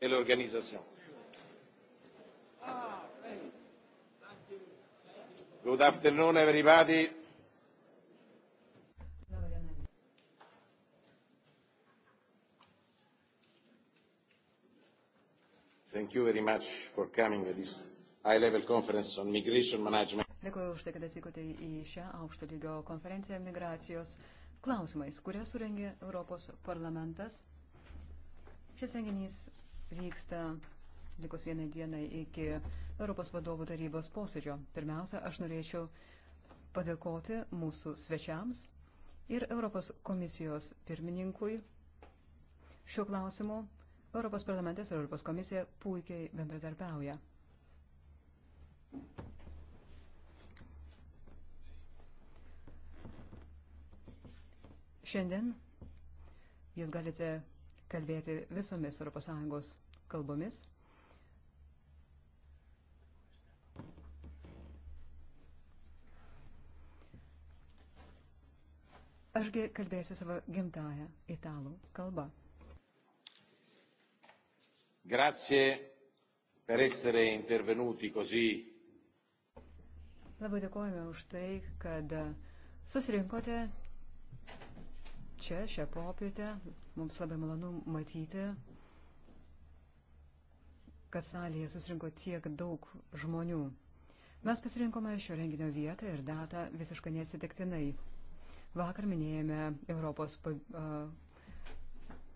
et l'organisation. Good afternoon, everybody. Thank you very much for coming to this high-level conference on migration management. Dėkuoju už tai, kad atvykote į šią aukšto lygio konferenciją migracijos klausimais, kurią surengė Europos parlamentas. Šis renginys vyksta likus vieną dieną iki Europos vadovų tarybos posėdžio. Pirmiausia, aš norėčiau padėkoti mūsų svečiams ir Europos komisijos pirmininkui. Šiuo klausimu Europos parlamentas ir Europos komisija puikiai bendradarbiauja. Šiandien jūs galite kalbėti visomis ES kalbomis. Ašgi kalbėsiu savo gimtają italų kalbą. Grazie per essere intervenuti così. Labai dėkojame už tai, kad susirinkote čia šią popietę. Mums labai malonu matyti, kad salėje susirinko tiek daug žmonių. Mes pasirinkome šio renginio vietą ir datą visiškai neatsitiktinai. Vakar minėjome Europos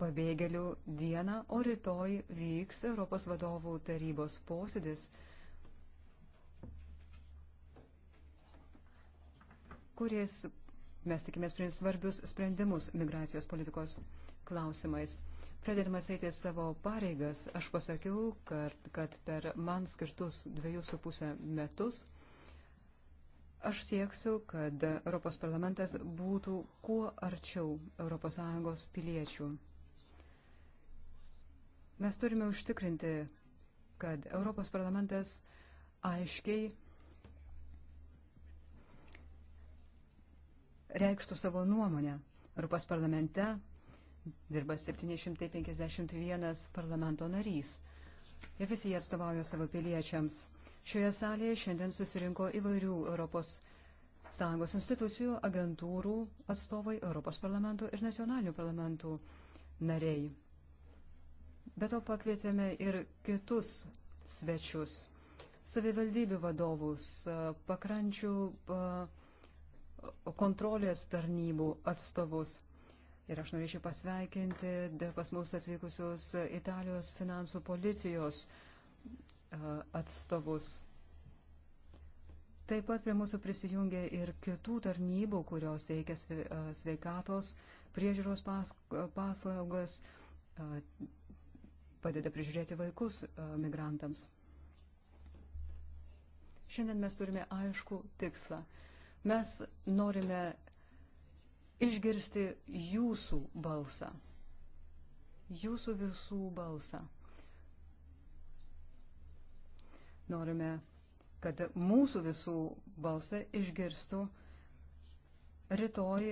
pabėgėlių dieną, o rytoj vyks Europos vadovų tarybos posėdis, kuris mes tikimės priimti svarbius sprendimus migracijos politikos klausimais. Pradėdamas eiti savo pareigas, aš pasakiau, kad, kad per man skirtus dviejus su pusę metus aš sieksiu, kad Europos parlamentas būtų kuo arčiau ES piliečių. Mes turime užtikrinti, kad Europos parlamentas aiškiai reikštų savo nuomonę. Europos parlamente dirba 751 parlamento narys ir visi jie atstovauja savo piliečiams. Šioje salėje šiandien susirinko įvairių Europos Sąjungos institucijų, agentūrų atstovai, Europos parlamento ir nacionalinių parlamentų nariai. Be to pakvietėme ir kitus svečius, savivaldybių vadovus, pakrančių. Uh, kontrolės tarnybų atstovus. Ir aš norėčiau pasveikinti pas mus atvykusius Italijos finansų policijos atstovus. Taip pat prie mūsų prisijungia ir kitų tarnybų, kurios teikia sveikatos priežiūros paslaugas, padeda prižiūrėti vaikus migrantams. Šiandien mes turime aišku tikslą Mes norime išgirsti jūsų balsą. Jūsų visų balsą. Norime, kad mūsų visų balsą išgirstų rytoj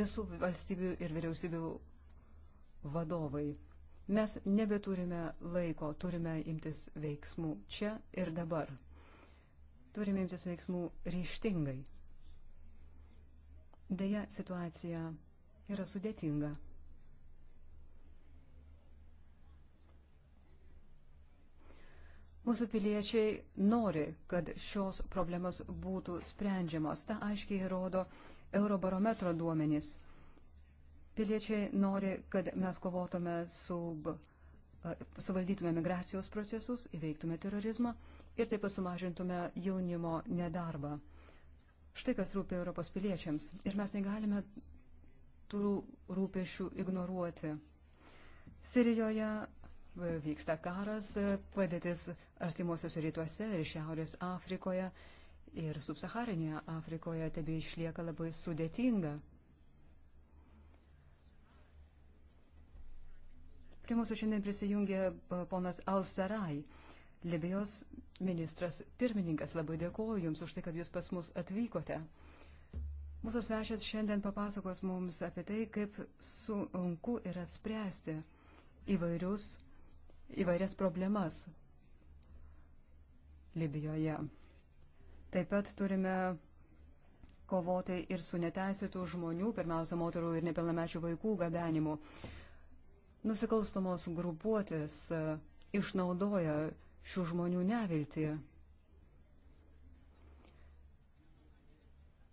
visų valstybių ir vyriausybių vadovai. Mes nebeturime laiko, turime imtis veiksmų čia ir dabar. Turime imtis veiksmų ryštingai. Deja, situacija yra sudėtinga. Mūsų piliečiai nori, kad šios problemos būtų sprendžiamos. Ta aiškiai rodo Eurobarometro duomenys. Piliečiai nori, kad mes kovotume su, suvaldytume migracijos procesus, įveiktume terorizmą ir taip pat sumažintume jaunimo nedarbą. Štai kas rūpia Europos piliečiams. Ir mes negalime tų rūpešių ignoruoti. Sirijoje e, vyksta karas, e, padėtis artimuosiuose rytuose ir Šiaurės Afrikoje ir subsaharinėje Afrikoje tebe išlieka labai sudėtinga. Prie mūsų šiandien prisijungė e, ponas Al Sarai. Libijos ministras pirmininkas. Labai dėkuoju Jums už tai, kad Jūs pas mus atvykote. Mūsų svečias šiandien papasakos mums apie tai, kaip sunku yra spręsti įvairius, įvairias problemas Libijoje. Taip pat turime kovoti ir su neteisėtų žmonių, pirmiausia, moterų ir nepilnamečių vaikų gabenimu. Nusikalstamos grupuotės e, išnaudoja šių žmonių neviltį.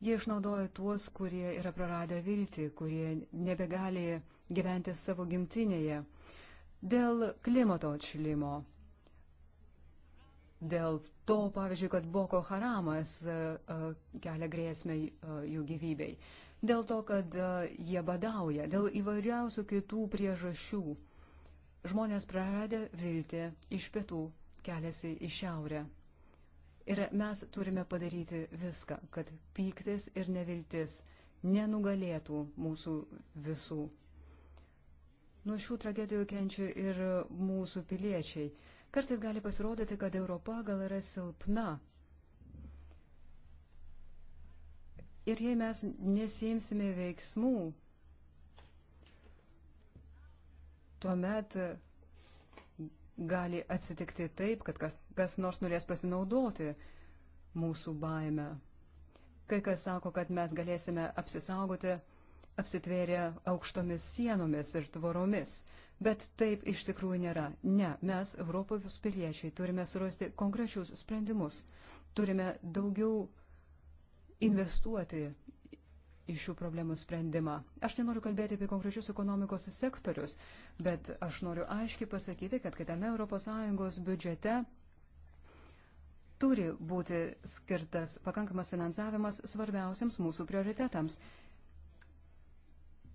Jie išnaudoja tuos, kurie yra praradę viltį, kurie nebegali gyventi savo gimtinėje dėl klimato atšilimo. Dėl to, pavyzdžiui, kad Boko Haramas e, e, kelia grėsmę e, jų gyvybei. Dėl to, kad jie badauja. Dėl įvairiausių kitų priežasčių. Žmonės praradę viltį iš pietų keliasi į šiaurę. Ir mes turime padaryti viską, kad pyktis ir neviltis nenugalėtų mūsų visų. Nuo šių tragedijų kenčia ir mūsų piliečiai. Kartais gali pasirodyti, kad Europa gal yra silpna. Ir jei mes nesimsime veiksmų, tuomet gali atsitikti taip, kad kas, kas nors norės pasinaudoti mūsų baime. Kai kas sako, kad mes galėsime apsisaugoti apsitvėrę aukštomis sienomis ir tvoromis. Bet taip iš tikrųjų nėra. Ne, mes, Europos piliečiai, turime surasti konkrečius sprendimus. Turime daugiau investuoti iš šių problemų sprendimą. Aš nenoriu kalbėti apie konkrečius ekonomikos sektorius, bet aš noriu aiškiai pasakyti, kad kitame ES biudžete turi būti skirtas pakankamas finansavimas svarbiausiams mūsų prioritetams.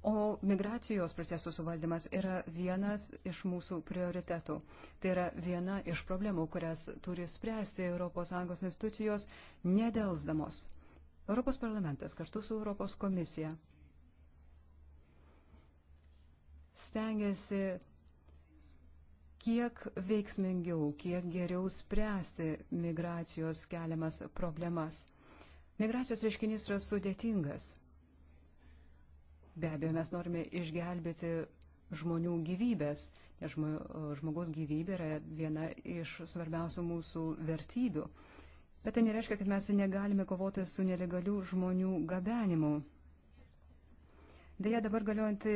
O migracijos procesų suvaldymas yra vienas iš mūsų prioritetų. Tai yra viena iš problemų, kurias turi spręsti ES institucijos nedelsdamos. Europos parlamentas kartu su Europos komisija stengiasi kiek veiksmingiau, kiek geriau spręsti migracijos keliamas problemas. Migracijos reiškinys yra sudėtingas. Be abejo, mes norime išgelbėti žmonių gyvybės, nes žmogaus gyvybė yra viena iš svarbiausių mūsų vertybių. Bet tai nereiškia, kad mes negalime kovoti su nelegalių žmonių gabenimu. Deja, dabar galiojanti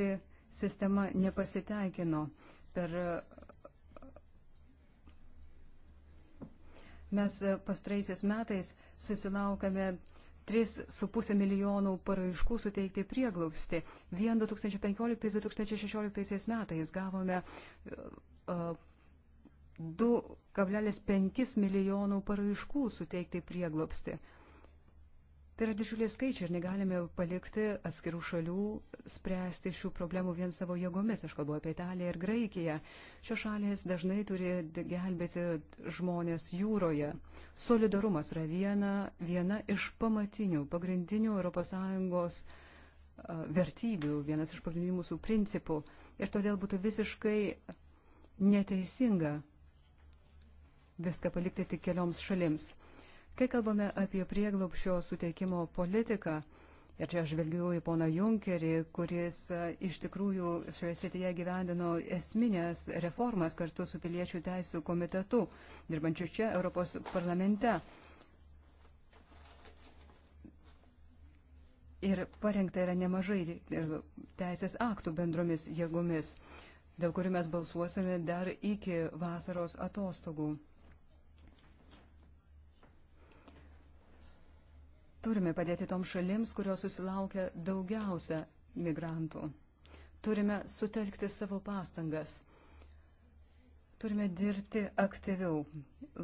sistema nepasiteikino. Per mes pastraisiais metais susilaukame 3,5 milijonų paraiškų suteikti prieglobstį. Vien 2015-2016 metais gavome uh, 2,5 milijonų paraiškų suteikti prieglopsti. Tai yra didžiuliai skaičiai ir negalime palikti atskirų šalių spręsti šių problemų vien savo jėgomis. Aš kalbu apie Italiją ir Graikiją. Šios šalės dažnai turi gelbėti žmonės jūroje. Solidarumas yra viena, viena iš pamatinių, pagrindinių ES vertybių, vienas iš pagrindinių mūsų principų. Ir todėl būtų visiškai neteisinga viską palikti tik kelioms šalims. Kai kalbame apie prieglopšio suteikimo politiką, ir čia žvelgiu į poną Junkerį, kuris e, iš tikrųjų šioje srityje gyvendino esminės reformas kartu su piliečių teisų komitetu, dirbančiu čia Europos parlamente. Ir parengta yra nemažai e, teisės aktų bendromis jėgomis, dėl kurių mes balsuosime dar iki vasaros atostogų. Turime padėti toms šalims, kurios susilaukia daugiausia migrantų. Turime sutelkti savo pastangas. Turime dirbti aktyviau,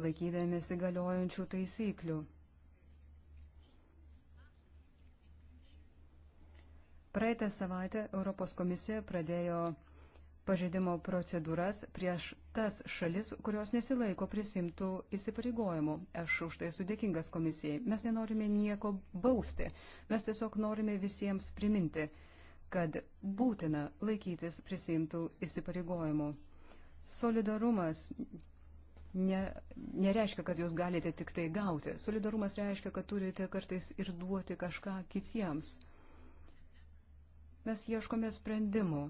laikydamėsi galiojančių taisyklių. Praeitą savaitę Europos komisija pradėjo pažeidimo procedūras prieš tas šalis, kurios nesilaiko prisimtų įsipareigojimų. Aš už tai sudėkingas komisijai. Mes nenorime nieko bausti. Mes tiesiog norime visiems priminti, kad būtina laikytis prisimtų įsipareigojimų. Solidarumas ne, nereiškia, kad jūs galite tik tai gauti. Solidarumas reiškia, kad turite kartais ir duoti kažką kitiems. Mes ieškome sprendimų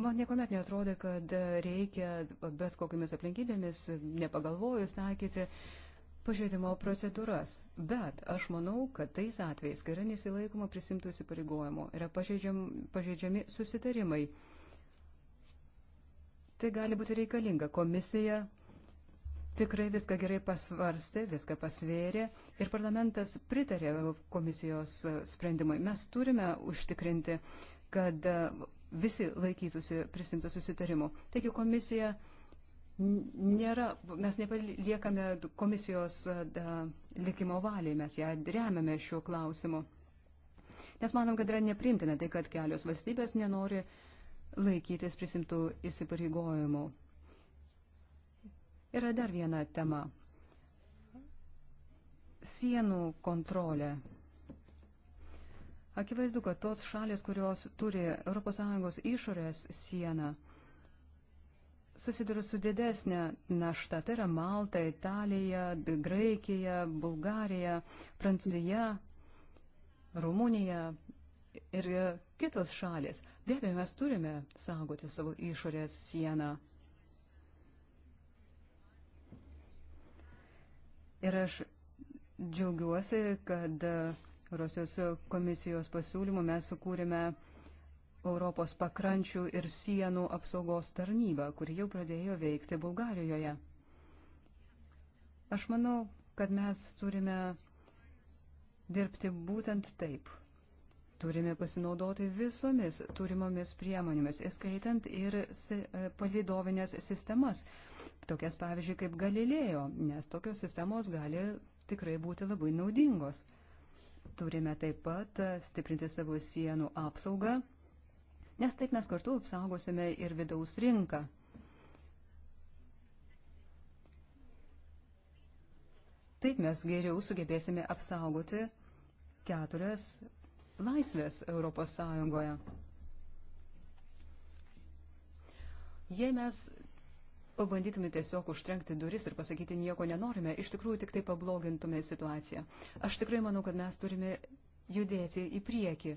Man niekuomet neatrodo, kad reikia bet kokiamis aplinkybėmis, nepagalvojus, taikyti pažeidimo procedūras. Bet aš manau, kad tais atvejais, kai yra nesilaikoma prisimtų įsipareigojimų, yra pažeidžiam, pažeidžiami susitarimai. Tai gali būti reikalinga. Komisija tikrai viską gerai pasvarstė, viską pasvėrė ir parlamentas pritarė komisijos sprendimui. Mes turime užtikrinti, kad visi laikytųsi prisimtų susitarimų. Taigi komisija nėra, mes nepaliekame komisijos da, likimo valiai, mes ją remiame šiuo klausimu. Nes manom, kad yra neprimtina tai, kad kelios valstybės nenori laikytis prisimtų įsipareigojimų. Yra dar viena tema. Sienų kontrolė Akivaizdu, kad tos šalis, kurios turi ES išorės sieną, susiduria su didesnė našta. Tai yra Malta, Italija, Graikija, Bulgarija, Prancūzija, Rumunija ir kitos šalis. Be abejo, mes turime saugoti savo išorės sieną. Ir aš džiaugiuosi, kad uh, Svarosios komisijos pasiūlymų mes sukūrėme Europos pakrančių ir sienų apsaugos tarnybą, kuri jau pradėjo veikti Bulgarijoje. Aš manau, kad mes turime dirbti būtent taip. Turime pasinaudoti visomis turimomis priemonėmis, įskaitant ir e, palidovinės sistemas, tokias pavyzdžiui kaip Galilėjo, nes tokios sistemos gali tikrai būti labai naudingos. Turime taip pat stiprinti savo sienų apsaugą, nes taip mes kartu apsaugosime ir vidaus rinką. Taip mes geriau sugebėsime apsaugoti keturias laisvės Europos Sąjungoje. Jei mes pabandytume tiesiog užtrenkti duris ir pasakyti nieko nenorime, iš tikrųjų tik tai pablogintume situaciją. Aš tikrai manau, kad mes turime judėti į priekį.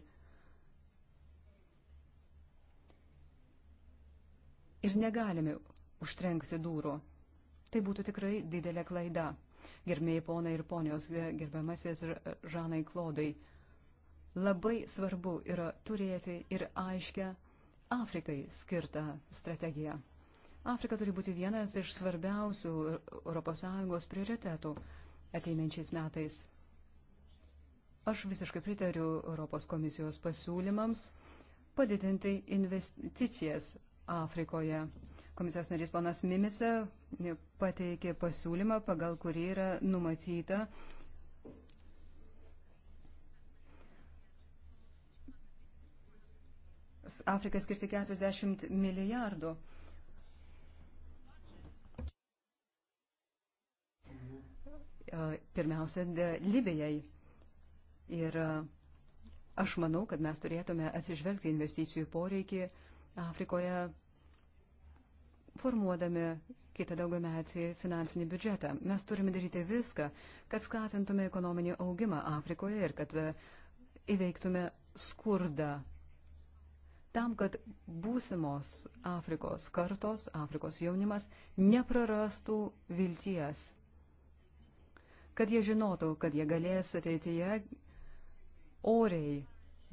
Ir negalime užtrenkti durų. Tai būtų tikrai didelė klaida. Gerbėjai ponai ir ponios, gerbiamasis Žanai Klodai, labai svarbu yra turėti ir aiškę Afrikai skirtą strategiją. Afrika turi būti vienas iš svarbiausių ES prioritetų ateinančiais metais. Aš visiškai pritariu Europos komisijos pasiūlymams padidinti investicijas Afrikoje. Komisijos narys ponas Mimise pateikė pasiūlymą, pagal kurį yra numatyta Afrikai skirti 40 milijardų. pirmiausia, Libijai. Ir aš manau, kad mes turėtume atsižvelgti investicijų poreikį Afrikoje, formuodami kitą daugiametį finansinį biudžetą. Mes turime daryti viską, kad skatintume ekonominį augimą Afrikoje ir kad įveiktume skurdą. Tam, kad būsimos Afrikos kartos, Afrikos jaunimas neprarastų vilties kad jie žinotų, kad jie galės ateityje oriai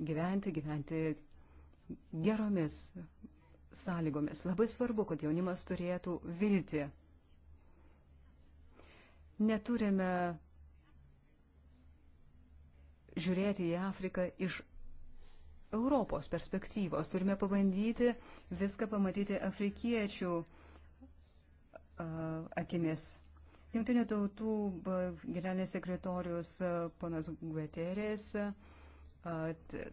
gyventi, gyventi geromis sąlygomis. Labai svarbu, kad jaunimas turėtų viltį. Neturime žiūrėti į Afriką iš Europos perspektyvos. Turime pabandyti viską pamatyti afrikiečių uh, akimis. Junktinių tautų generalinis sekretorius ponas Guterres,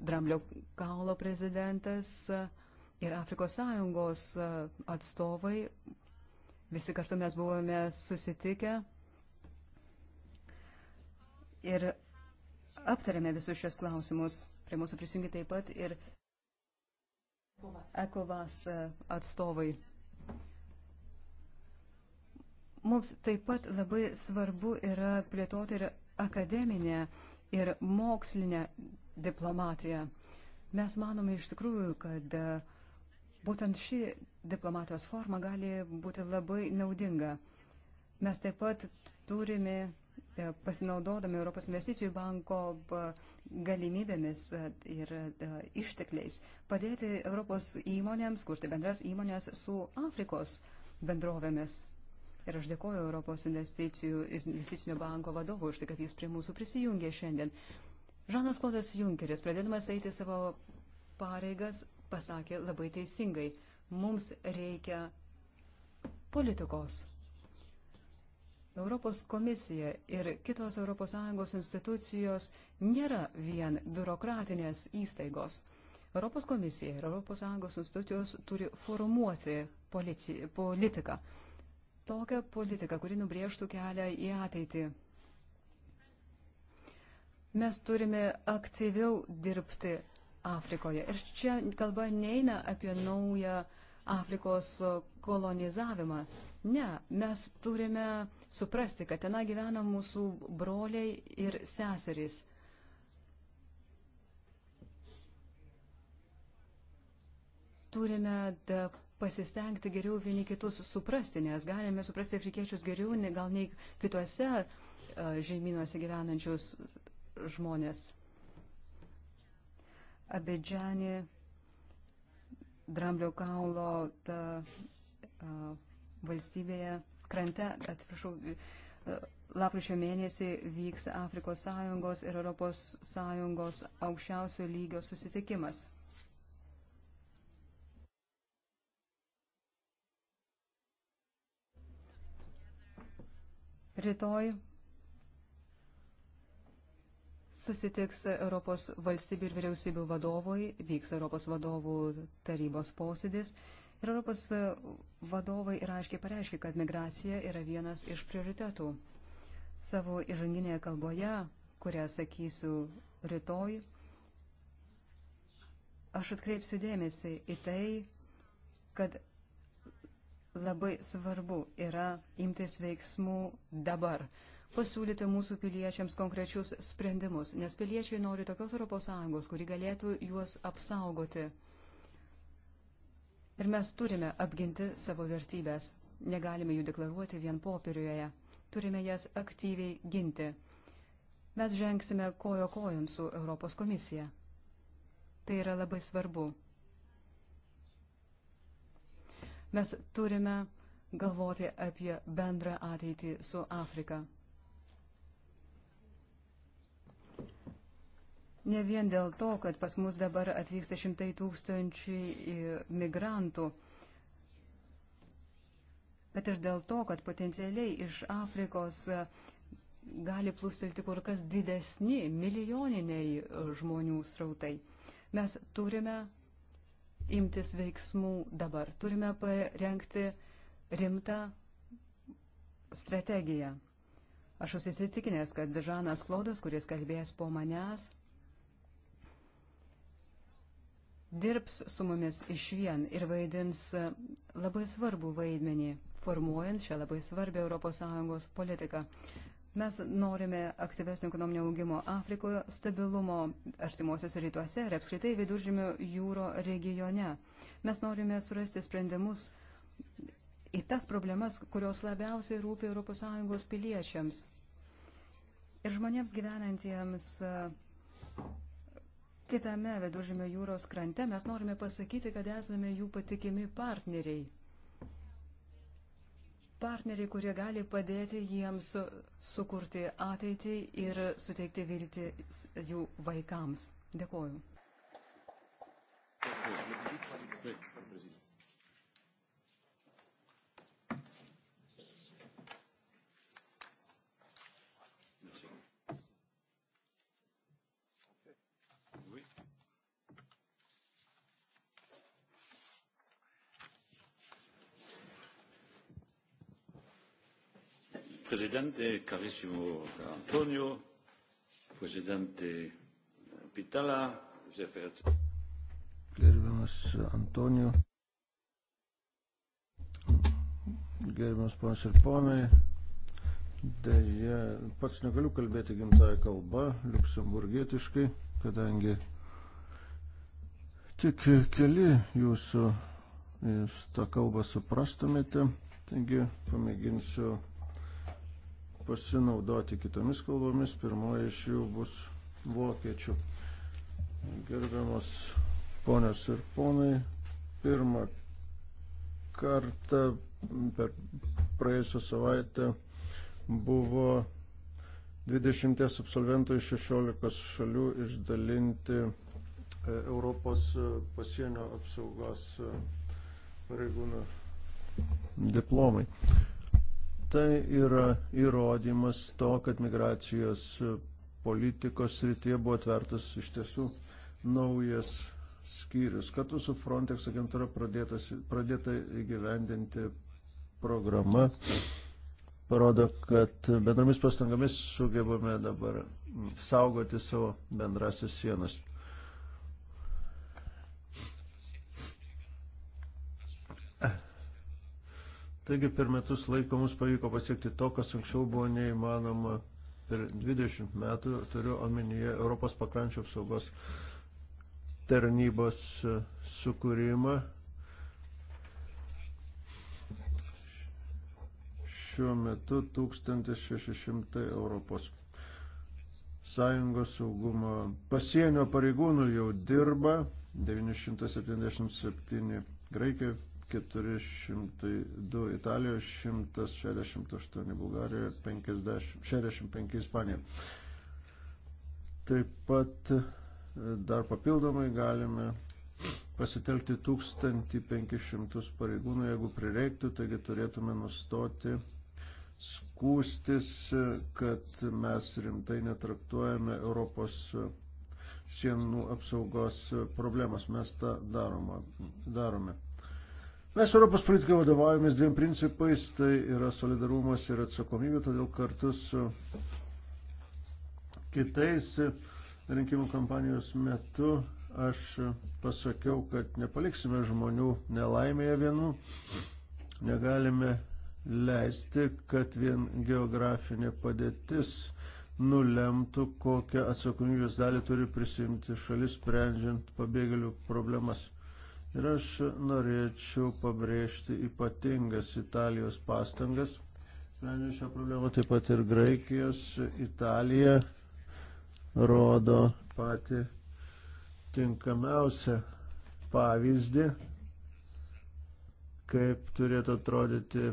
Dramblio kaulo prezidentas ir Afrikos sąjungos atstovai, visi kartu mes buvome susitikę ir aptarėme visus šios klausimus. Prie mūsų prisijungi taip pat ir ECOVAS atstovai. Mums taip pat labai svarbu yra plėtoti ir akademinę, ir mokslinę diplomatiją. Mes manome iš tikrųjų, kad e, būtent ši diplomatijos forma gali būti labai naudinga. Mes taip pat turime e, pasinaudodami Europos investicijų banko e, galimybėmis ir ištekliais padėti Europos įmonėms kurti bendras įmonės su Afrikos bendrovėmis. Ir aš dėkoju Europos investicinio banko vadovui už tai, kad jis prie mūsų prisijungė šiandien. Žanas Klodas Junkeris, pradėdamas eiti savo pareigas, pasakė labai teisingai, mums reikia politikos. Europos komisija ir kitos ES institucijos nėra vien biurokratinės įstaigos. Europos komisija ir ES institucijos turi formuoti politi politiką tokią politiką, kuri nubrėžtų kelią į ateitį. Mes turime aktyviau dirbti Afrikoje. Ir čia kalba neina apie naują Afrikos kolonizavimą. Ne, mes turime suprasti, kad ten gyvena mūsų broliai ir seserys. Turime pasistengti geriau vieni kitus suprasti, nes galime suprasti afrikiečius geriau, ne, gal nei kituose e, žemynuose gyvenančius žmonės. Abidžanė, Dramblio kaulo ta, a, e, valstybėje, krante, atsiprašau, e, lapkričio mėnesį vyks Afrikos sąjungos ir Europos sąjungos aukščiausio lygio susitikimas. Rytoj susitiks Europos valstybių ir vyriausybių vadovai, vyks Europos vadovų tarybos posėdis. Ir Europos vadovai yra aiškiai pareiškia, kad migracija yra vienas iš prioritetų. Savo įžanginėje kalboje, kurią sakysiu rytoj, aš atkreipsiu dėmesį į tai, kad labai svarbu yra imtis veiksmų dabar, pasiūlyti mūsų piliečiams konkrečius sprendimus, nes piliečiai nori tokios ES, kuri galėtų juos apsaugoti. Ir mes turime apginti savo vertybės. Negalime jų deklaruoti vien popieriuje. Turime jas aktyviai ginti. Mes žengsime kojo kojon su Europos komisija. Tai yra labai svarbu. Mes turime galvoti apie bendrą ateitį su Afrika. Ne vien dėl to, kad pas mus dabar atvyksta šimtai tūkstančiai migrantų, bet ir dėl to, kad potencialiai iš Afrikos gali plūstelti kur kas didesni milijoniniai žmonių srautai. Mes turime imtis veiksmų dabar. Turime parengti rimtą strategiją. Aš susitikinęs, kad Žanas Klodas, kuris kalbės po manęs, dirbs su mumis iš vien ir vaidins labai svarbų vaidmenį, formuojant šią labai svarbią ES politiką. Mes norime aktyvesnio ekonominio augimo Afrikoje, stabilumo artimuosiuose rytuose ir apskritai viduržymio jūro regione. Mes norime surasti sprendimus į tas problemas, kurios labiausiai rūpi ES piliečiams ir žmonėms gyvenantiems e, kitame viduržymio jūros krante. Mes norime pasakyti, kad esame jų patikimi partneriai partneriai, kurie gali padėti jiems sukurti ateitį ir suteikti viltį jų vaikams. Dėkoju. Dėkui. Presidente, carissimo Antonio, Presidente eh, Pitala, sehr verehrte. Gerbiamas Antonio, gerbiamas ponas ir ponai, dėja, pats negaliu kalbėti gimtąją kalbą, liuksemburgietiškai, kadangi tik keli jūsų jūs tą kalbą suprastumėte, taigi pamėginsiu pasinaudoti kitomis kalbomis. Pirmoji iš jų bus vokiečių. Gerbiamas ponios ir ponai, pirmą kartą per praėjusią savaitę buvo 20 absolventų iš 16 šalių išdalinti e, Europos e, pasienio apsaugos e, pareigūnų diplomai. Tai yra įrodymas to, kad migracijos politikos srityje buvo atvertas iš tiesų naujas skyrius. Kartu su Frontex agentūra pradėta įgyvendinti programa parodo, kad bendromis pastangomis sugebame dabar saugoti savo bendrasis sienas. Taigi per metus laiko mums pavyko pasiekti to, kas anksčiau buvo neįmanoma per 20 metų, turiu omenyje Europos pakrančio apsaugos tarnybos e, sukūrimą. Šiuo metu 1600 Europos Sąjungos saugumo pasienio pareigūnų jau dirba, 977 Graikijoje, 402 Italijoje, 168 Bulgarijoje, 50, 65 Ispanijoje. Taip pat e, dar papildomai galime pasitelkti 1500 pareigūnų, jeigu prireiktų, taigi turėtume nustoti skūstis, e, kad mes rimtai netraktuojame Europos sienų apsaugos problemas. Mes tą daroma, darome. Mes Europos politikai vadovaujamės dviem principais, tai yra solidarumas ir atsakomybė, todėl kartu su kitais rinkimų kampanijos metu aš pasakiau, kad nepaliksime žmonių nelaimėje vienų, negalime leisti, kad vien geografinė padėtis nulemtų, kokią atsakomybės dalį turi prisimti šalis, sprendžiant pabėgėlių problemas. Ir aš norėčiau pabrėžti ypatingas Italijos pastangas. Sprendžiu šią problemą taip pat ir Graikijos. Italija rodo patį tinkamiausią pavyzdį, kaip turėtų atrodyti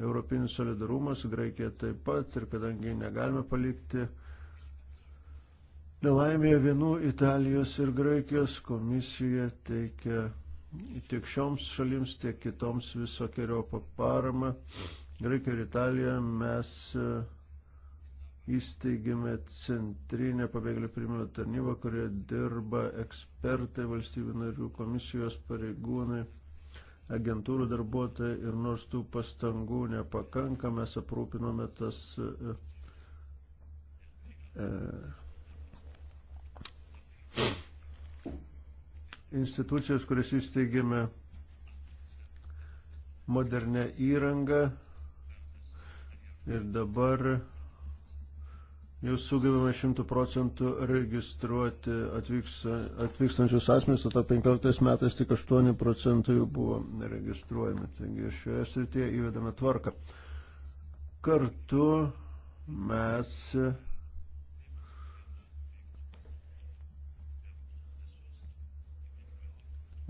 Europinis solidarumas, Graikija taip pat ir kadangi negalime palikti Nelaimėje vienų Italijos ir Graikijos komisija teikia tiek šioms šalims, tiek kitoms visokiojo paramą. Graikijoje ir Italijoje mes e, įsteigėme centrinę pabėgėlių primimo tarnybą, kurioje dirba ekspertai, valstybių narių komisijos pareigūnai, agentūrų darbuotojai ir nors tų pastangų nepakanka, mes aprūpinome tas e, e, Institucijos, kurias įsteigėme modernę įrangą ir dabar jau sugebame 100 procentų registruoti atvyksta, atvykstančius asmenys, o ta 15 metais tik 8 procentų jų buvo registruojami. Taigi šioje srityje įvedame tvarką. Kartu mes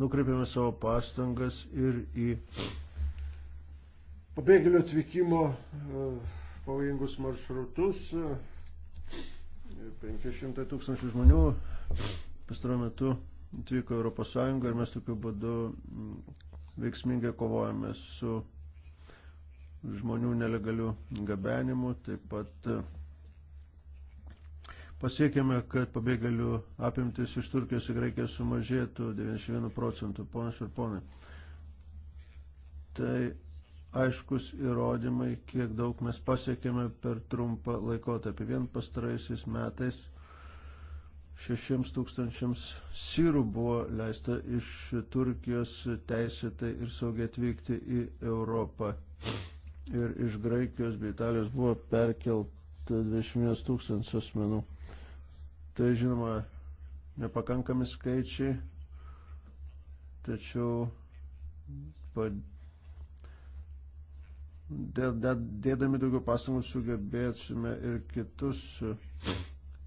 nukreipėme savo pastangas ir į pabėgėlių atvykimo e, pavojingus maršrutus. 500 tūkstančių žmonių pastaruoju metu atvyko Europos Sąjungą ir mes tokiu būdu mm, veiksmingai kovojame su žmonių nelegaliu gabenimu, taip pat e, pasiekėme, kad pabėgėlių apimtis iš Turkijos į Graikiją sumažėtų 91 procentų, ponas ir ponai. Tai aiškus įrodymai, kiek daug mes pasiekėme per trumpą laikotarpį. Vien pastaraisiais metais 6 tūkstančiams sirų buvo leista iš Turkijos teisėtai ir saugiai atvykti į Europą. Ir iš Graikijos bei Italijos buvo perkelta 20 tūkstančių asmenų. Tai žinoma, nepakankami skaičiai, tačiau dėdami daugiau pastangų sugebėsime ir kitus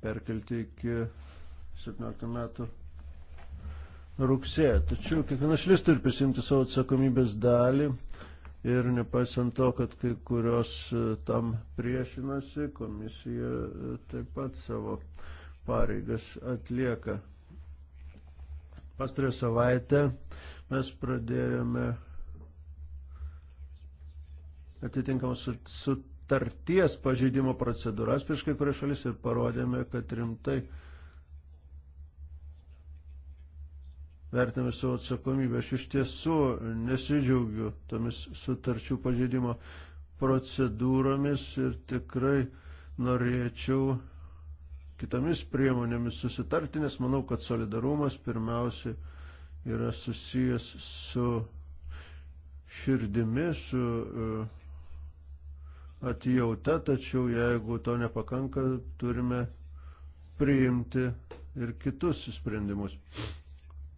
perkelti iki 17 metų rugsėjo. Tačiau kiekviena šalis turi prisimti savo atsakomybės dalį ir nepaisant to, kad kai kurios tam priešinasi, komisija taip pat savo uh, pareigas atlieka. Pastarę savaitę mes pradėjome atitinkamus sutarties pažeidimo procedūras prieš kai kurias šalis ir parodėme, kad rimtai vertiname savo atsakomybę. Aš iš tiesų nesidžiaugiu tomis sutarčių pažeidimo procedūromis ir tikrai norėčiau kitomis priemonėmis susitarti, nes manau, kad solidarumas pirmiausia yra susijęs su širdimi, su e, atjauta, tačiau jeigu to nepakanka, turime priimti ir kitus sprendimus.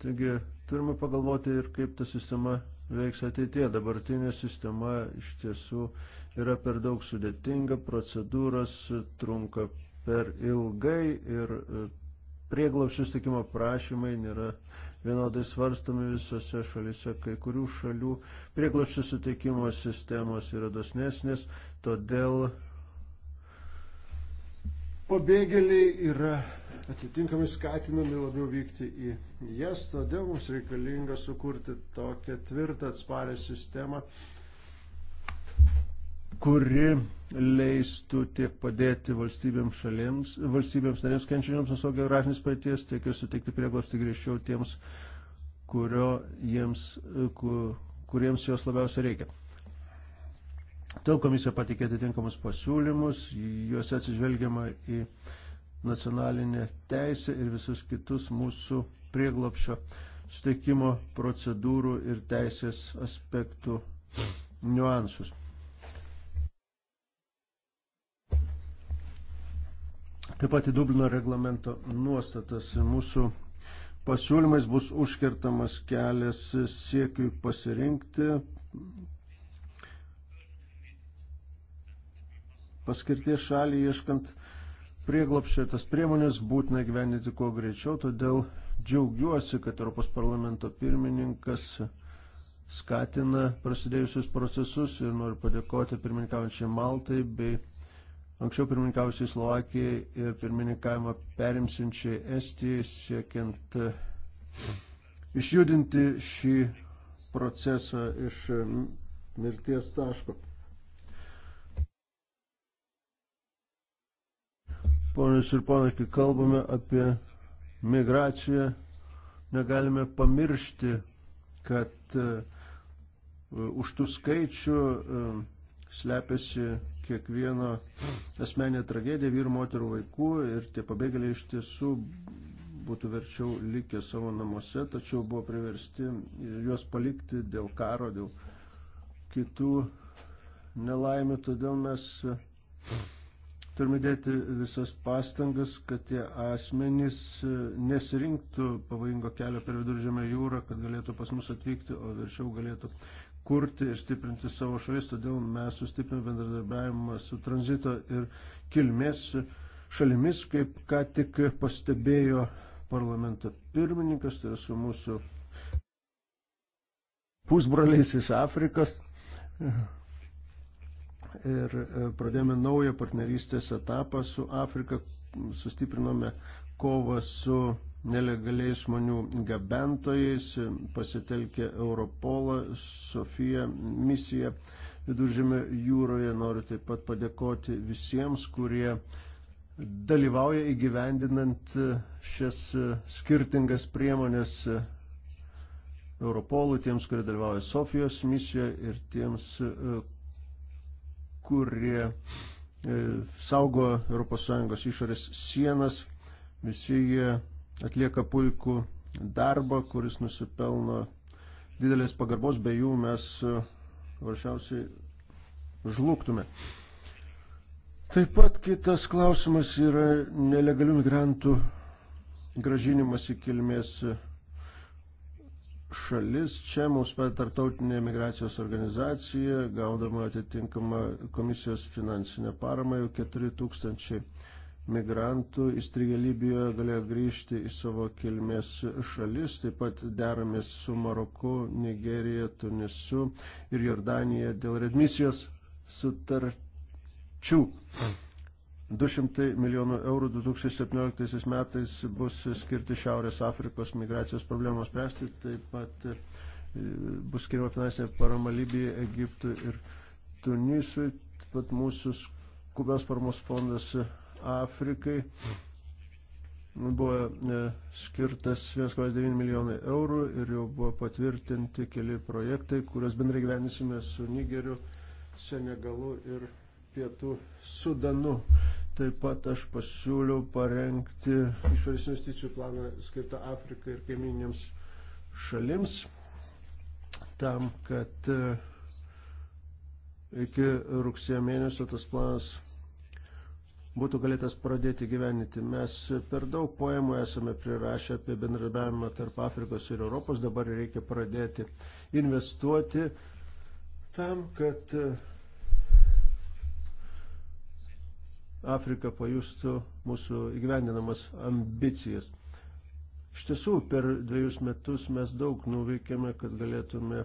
Taigi turime pagalvoti ir kaip ta sistema veiks ateitie. Dabartinė sistema iš tiesų yra per daug sudėtinga, procedūros trunka per ilgai ir e, prieglaušių sutikimo prašymai nėra vienodai svarstami visose šalise. Kai kurių šalių prieglaušių sutikimo sistemos yra dosnesnės, todėl pabėgėliai yra atitinkamai skatinami labiau vykti į jas, todėl mums reikalinga sukurti tokią tvirtą atsparę sistemą, kuri leistų tiek padėti valstybėms šalims, valstybėms narėms kenčiančioms nuo savo geografinės paties, tiek ir suteikti prieglobstį grįžčiau tiems, kurio jiems, kur, kuriems jos labiausiai reikia. Todėl komisija patikė atitinkamus pasiūlymus, juose atsižvelgiama į nacionalinę teisę ir visus kitus mūsų prieglopšio suteikimo procedūrų ir teisės aspektų niuansus. taip pat į Dublino reglamento nuostatas. Mūsų pasiūlymais bus užkirtamas kelias siekiui pasirinkti paskirties šalį ieškant prieglopščio. Tas priemonės būtina gyveninti kuo greičiau, todėl džiaugiuosi, kad Europos parlamento pirmininkas skatina prasidėjusius procesus ir noriu padėkoti pirmininkaujančiai Maltai bei Anksčiau pirmininkausiai Slovakijai ir pirmininkavimą perimsinčiai Estijai siekiant eh, išjudinti šį procesą iš mm, mirties taško. Ponius ir ponai, kai kalbame apie migraciją, negalime pamiršti, kad uh, už tų skaičių uh, slepiasi kiekvieno asmenė tragedija vyrų, moterų, vaikų ir tie pabėgėliai iš tiesų būtų verčiau likę savo namuose, tačiau buvo priversti juos palikti dėl karo, dėl kitų nelaimių, todėl mes turime dėti visas pastangas, kad tie asmenys nesirinktų pavojingo kelio per viduržėmę jūrą, kad galėtų pas mus atvykti, o viršiau galėtų kurti ir stiprinti savo šalis, todėl mes sustiprinome bendradarbiavimą su tranzito ir kilmės šalimis, kaip ką tik pastebėjo parlamento pirmininkas, tai yra su mūsų pusbroliais iš Afrikos. Ir e, pradėjome naują partnerystės etapą su Afrika, sustiprinome kovą su nelegaliais žmonių gabentojais, pasitelkė Europolą, Sofiją misiją viduržėme jūroje. Noriu taip pat padėkoti visiems, kurie dalyvauja įgyvendinant šias skirtingas priemonės Europolų, tiems, kurie dalyvauja Sofijos misijoje ir tiems, kurie e, saugo ES išorės sienas. Visi jie atlieka puikų darbą, kuris nusipelno didelės pagarbos, be jų mes varšiausiai e, žlugtume. Taip pat kitas klausimas yra nelegalių migrantų gražinimas į kilmės šalis. Čia mums pat tarptautinė migracijos organizacija, gaudama atitinkamą komisijos finansinę paramą, jau 4000 migrantų įstrigę Libijoje galėjo grįžti į savo kilmės šalis. Taip pat deramės su Maroku, Nigerija, Tunisu ir Jordanija dėl redmisijos sutarčių. 200 milijonų eurų 2017 metais bus skirti Šiaurės Afrikos migracijos problemos spręsti, taip pat e, bus skiriama finansinė parama Libijai, Egiptui ir Tunisui, taip pat mūsų skubios paramos fondas Afrikai buvo e, skirtas 1,9 milijonai eurų ir jau buvo patvirtinti keli projektai, kuriuos bendrai gyvenysime su Nigeriu, Senegalu ir Pietų Sudanu. Taip pat aš pasiūliau parengti išorės investicijų planą skirtą Afrikai ir kaiminėms šalims, tam, kad e, iki rugsėjo mėnesio tas planas būtų galėtas pradėti gyveninti. Mes per daug poemų esame prirašę apie bendradarbiavimą tarp Afrikos ir Europos, dabar reikia pradėti investuoti tam, kad uh, Afrika pajustų mūsų įgyvendinamas ambicijas. Iš tiesų, per dviejus metus mes daug nuveikėme, kad galėtume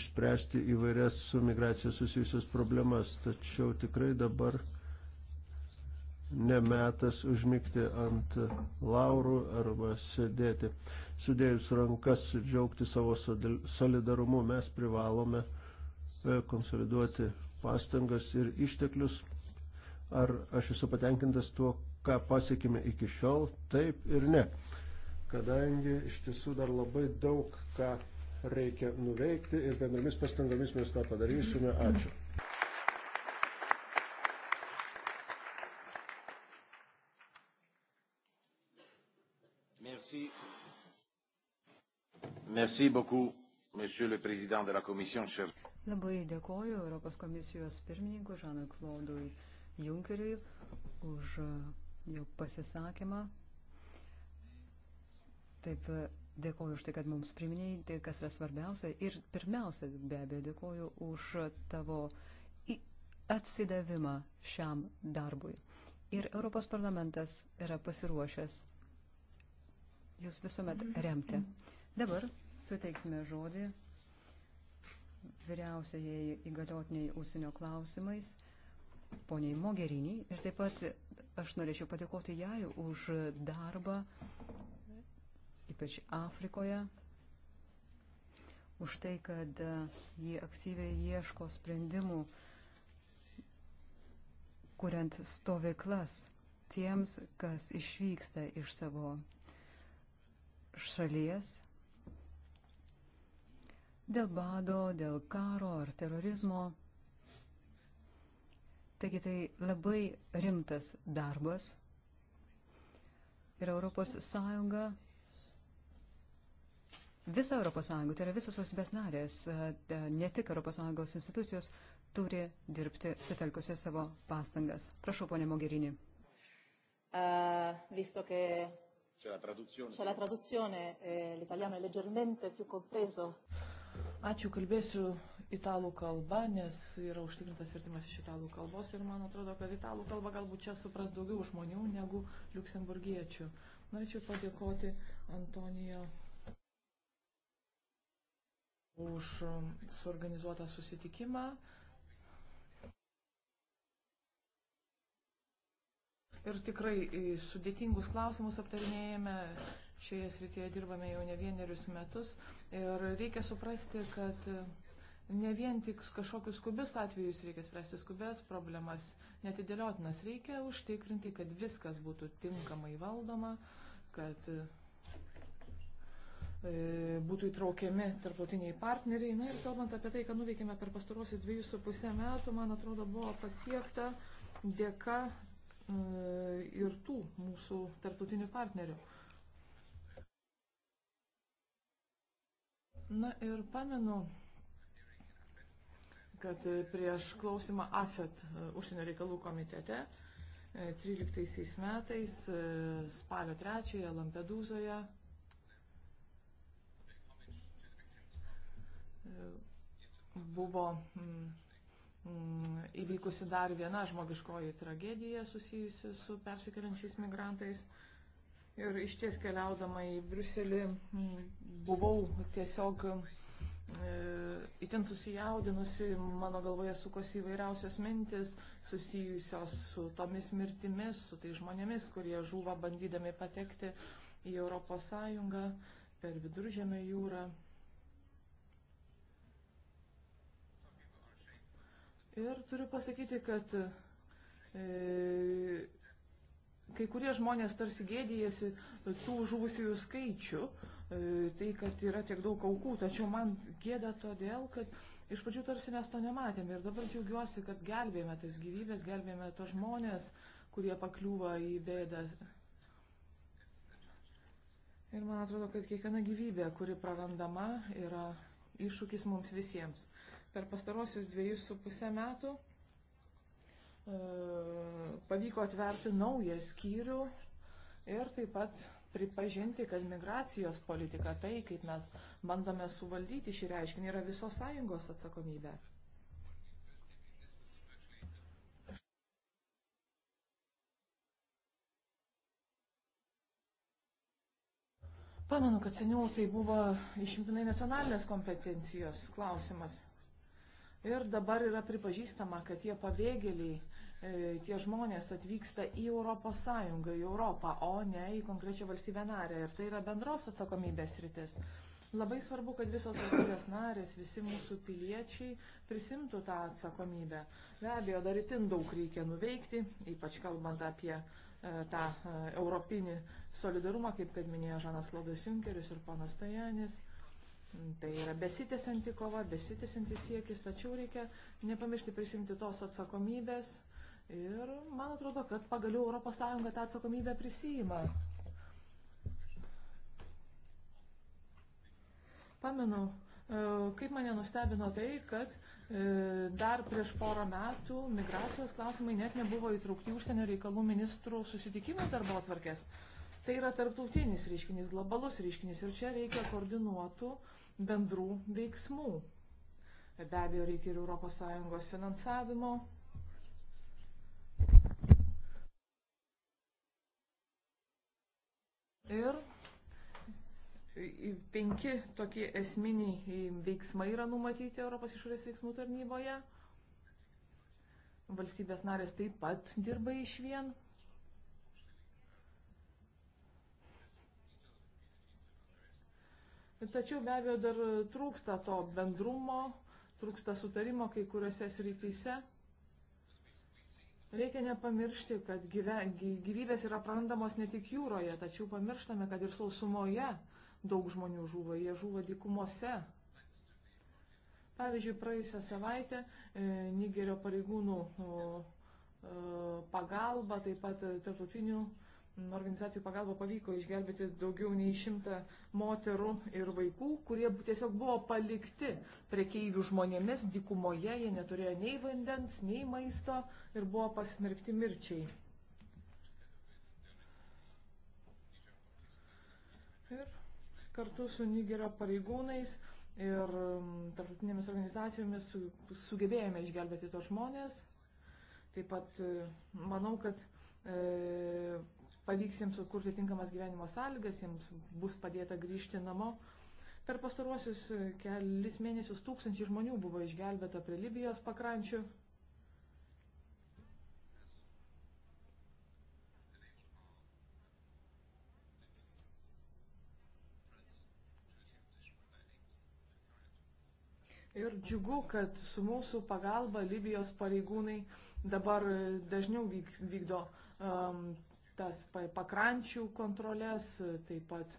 išspręsti įvairias su migracija susijusias problemas, tačiau tikrai dabar nemetas užmygti ant laurų arba sėdėti. Sudėjus rankas ir džiaugti savo solidarumu, mes privalome e, konsoliduoti pastangas ir išteklius. Ar aš esu patenkintas tuo, ką pasiekime iki šiol? Taip ir ne. Kadangi iš tiesų dar labai daug ką reikia nuveikti ir bendromis pastangomis mes tą padarysime. Ačiū. Merci beaucoup, Monsieur le Président de la Commission. Chef. Labai dėkoju Europos komisijos pirmininkui Žanui Klaudui Junkeriui už e, jo pasisakymą. Taip, e, dėkoju už tai, kad mums priminėjai, tai kas yra svarbiausia. Ir pirmiausia, be abejo, dėkoju už tavo atsidavimą šiam darbui. Ir Europos parlamentas yra pasiruošęs jūs visuomet remti. Mm -hmm. Dabar suteiksime žodį vyriausiai įgaliotiniai ūsinio klausimais, poniai Mogerini. Ir taip pat aš norėčiau padėkoti jai už darbą, ypač Afrikoje, už tai, kad ji aktyviai ieško sprendimų, kuriant stovyklas tiems, kas išvyksta iš savo šalies dėl bado, dėl karo ar terorizmo. Taigi tai labai rimtas darbas. Ir Europos Sąjunga, visa Europos Sąjunga, tai yra visos valstybės narės, e, ne tik Europos Sąjungos institucijos, turi dirbti sutelkusi savo pastangas. Prašau, ponė Mogherini. Uh, visto che C'è la traduzione. C'è la traduzione, eh, l'italiano è leggermente più compreso. Ačiū, kalbėsiu italų kalba, nes yra užtikrintas vertimas iš italų kalbos ir man atrodo, kad italų kalba galbūt čia supras daugiau žmonių negu liuksemburgiečių. Norėčiau padėkoti Antonijo už suorganizuotą susitikimą. Ir tikrai sudėtingus klausimus aptarinėjame Šioje srityje dirbame jau ne vienerius metus ir reikia suprasti, kad ne vien tik kažkokius skubius atvejus reikia spręsti skubės problemas, netidėliotinas reikia užtikrinti, kad viskas būtų tinkamai valdoma, kad e, būtų įtraukiami tarptautiniai partneriai. Na ir kalbant apie tai, ką nuveikėme per pastarosius dviejus su pusę metų, man atrodo, buvo pasiekta dėka e, ir tų mūsų tarptautinių partnerių. Na ir pamenu, kad prieš klausimą AFET e, užsienio reikalų komitete 13 e, metais e, spalio 3 Lampedūzoje buvo mm, mm, įvykusi dar viena žmogiškoji tragedija susijusi su persikeliančiais migrantais. Ir iš ties keliaudama į Bruselį mm, buvau tiesiog Įtin mm, e, susijaudinusi, mano galvoje sukosi įvairiausios mintis susijusios su tomis mirtimis, su tai žmonėmis, kurie žuva bandydami patekti į Europos Sąjungą per viduržėmę jūrą. Ir turiu pasakyti, kad e, Kai kurie žmonės tarsi gėdijasi tų žuvusiųjų skaičių, e, tai kad yra tiek daug aukų, tačiau man gėda todėl, kad iš pradžių tarsi mes to nematėme ir dabar džiaugiuosi, kad gelbėjame tas gyvybės, gelbėjame tos žmonės, kurie pakliūva į bėdą. Ir man atrodo, kad kiekviena gyvybė, kuri prarandama, yra iššūkis mums visiems. Per pastarosius dviejus su pusę metų E, pavyko atverti naują skyrių ir taip pat pripažinti, kad migracijos politika, tai kaip mes bandome suvaldyti šį reiškinį, yra visos sąjungos atsakomybė. Pamenu, kad seniau tai buvo išimtinai nacionalinės kompetencijos klausimas. Ir dabar yra pripažįstama, kad tie pabėgėliai E, tie žmonės atvyksta į ES, į Europą, o ne į konkrečią valstybę narę. Ir tai yra bendros atsakomybės rytis. Labai svarbu, kad visos valstybės narės, visi mūsų piliečiai prisimtų tą atsakomybę. Be abejo, dar itin daug reikia nuveikti, ypač kalbant apie e, tą e, europinį solidarumą, kaip kad minėjo Žanas Klaudas Junkeris ir panas Tajanis. Tai yra besitėsianti kova, besitėsianti siekis, tačiau reikia nepamiršti prisimti tos atsakomybės Ir man atrodo, kad pagaliau ES tą atsakomybę prisijima. Pamenu, e, kaip mane nustebino tai, kad e, dar prieš porą metų migracijos klausimai net nebuvo įtraukti užsienio reikalų ministrų susitikimų darbo atvarkės. Tai yra tarptautinis reiškinys, globalus reiškinys ir čia reikia koordinuotų bendrų veiksmų. Be abejo, reikia ir ES finansavimo. Ir penki tokie esminiai veiksmai yra numatyti Europos išorės veiksmų tarnyboje. Valstybės narės taip pat dirba iš vien. Tačiau be abejo dar trūksta to bendrumo, trūksta sutarimo kai kuriuose srityse. Reikia nepamiršti, kad gyve, gyvybės yra prarandamos ne tik jūroje, tačiau pamirštame, kad ir sausumoje daug žmonių žuvo, jie žuvo dykumose. Pavyzdžiui, praėjusią savaitę e, Nigerio pareigūnų o, e, pagalba, taip pat e, tarptautinių e, organizacijų pagalba pavyko išgelbėti daugiau nei šimtą moterų ir vaikų, kurie tiesiog buvo palikti prekeivių žmonėmis dikumoje, jie neturėjo nei vandens, nei maisto ir buvo pasmerkti mirčiai. Ir kartu su Nigerio pareigūnais ir mm, tarptautinėmis organizacijomis su, sugebėjome išgelbėti tos žmonės. Taip pat e, manau, kad e, pavyks jiems sukurti tinkamas gyvenimo sąlygas, jiems bus padėta grįžti namo. Per pastaruosius e, kelis mėnesius tūkstančiai žmonių buvo išgelbėta prie Libijos pakrančių. Ir džiugu, kad su mūsų pagalba Libijos pareigūnai dabar e, dažniau vykdo um, tas pakrančių kontrolės, taip pat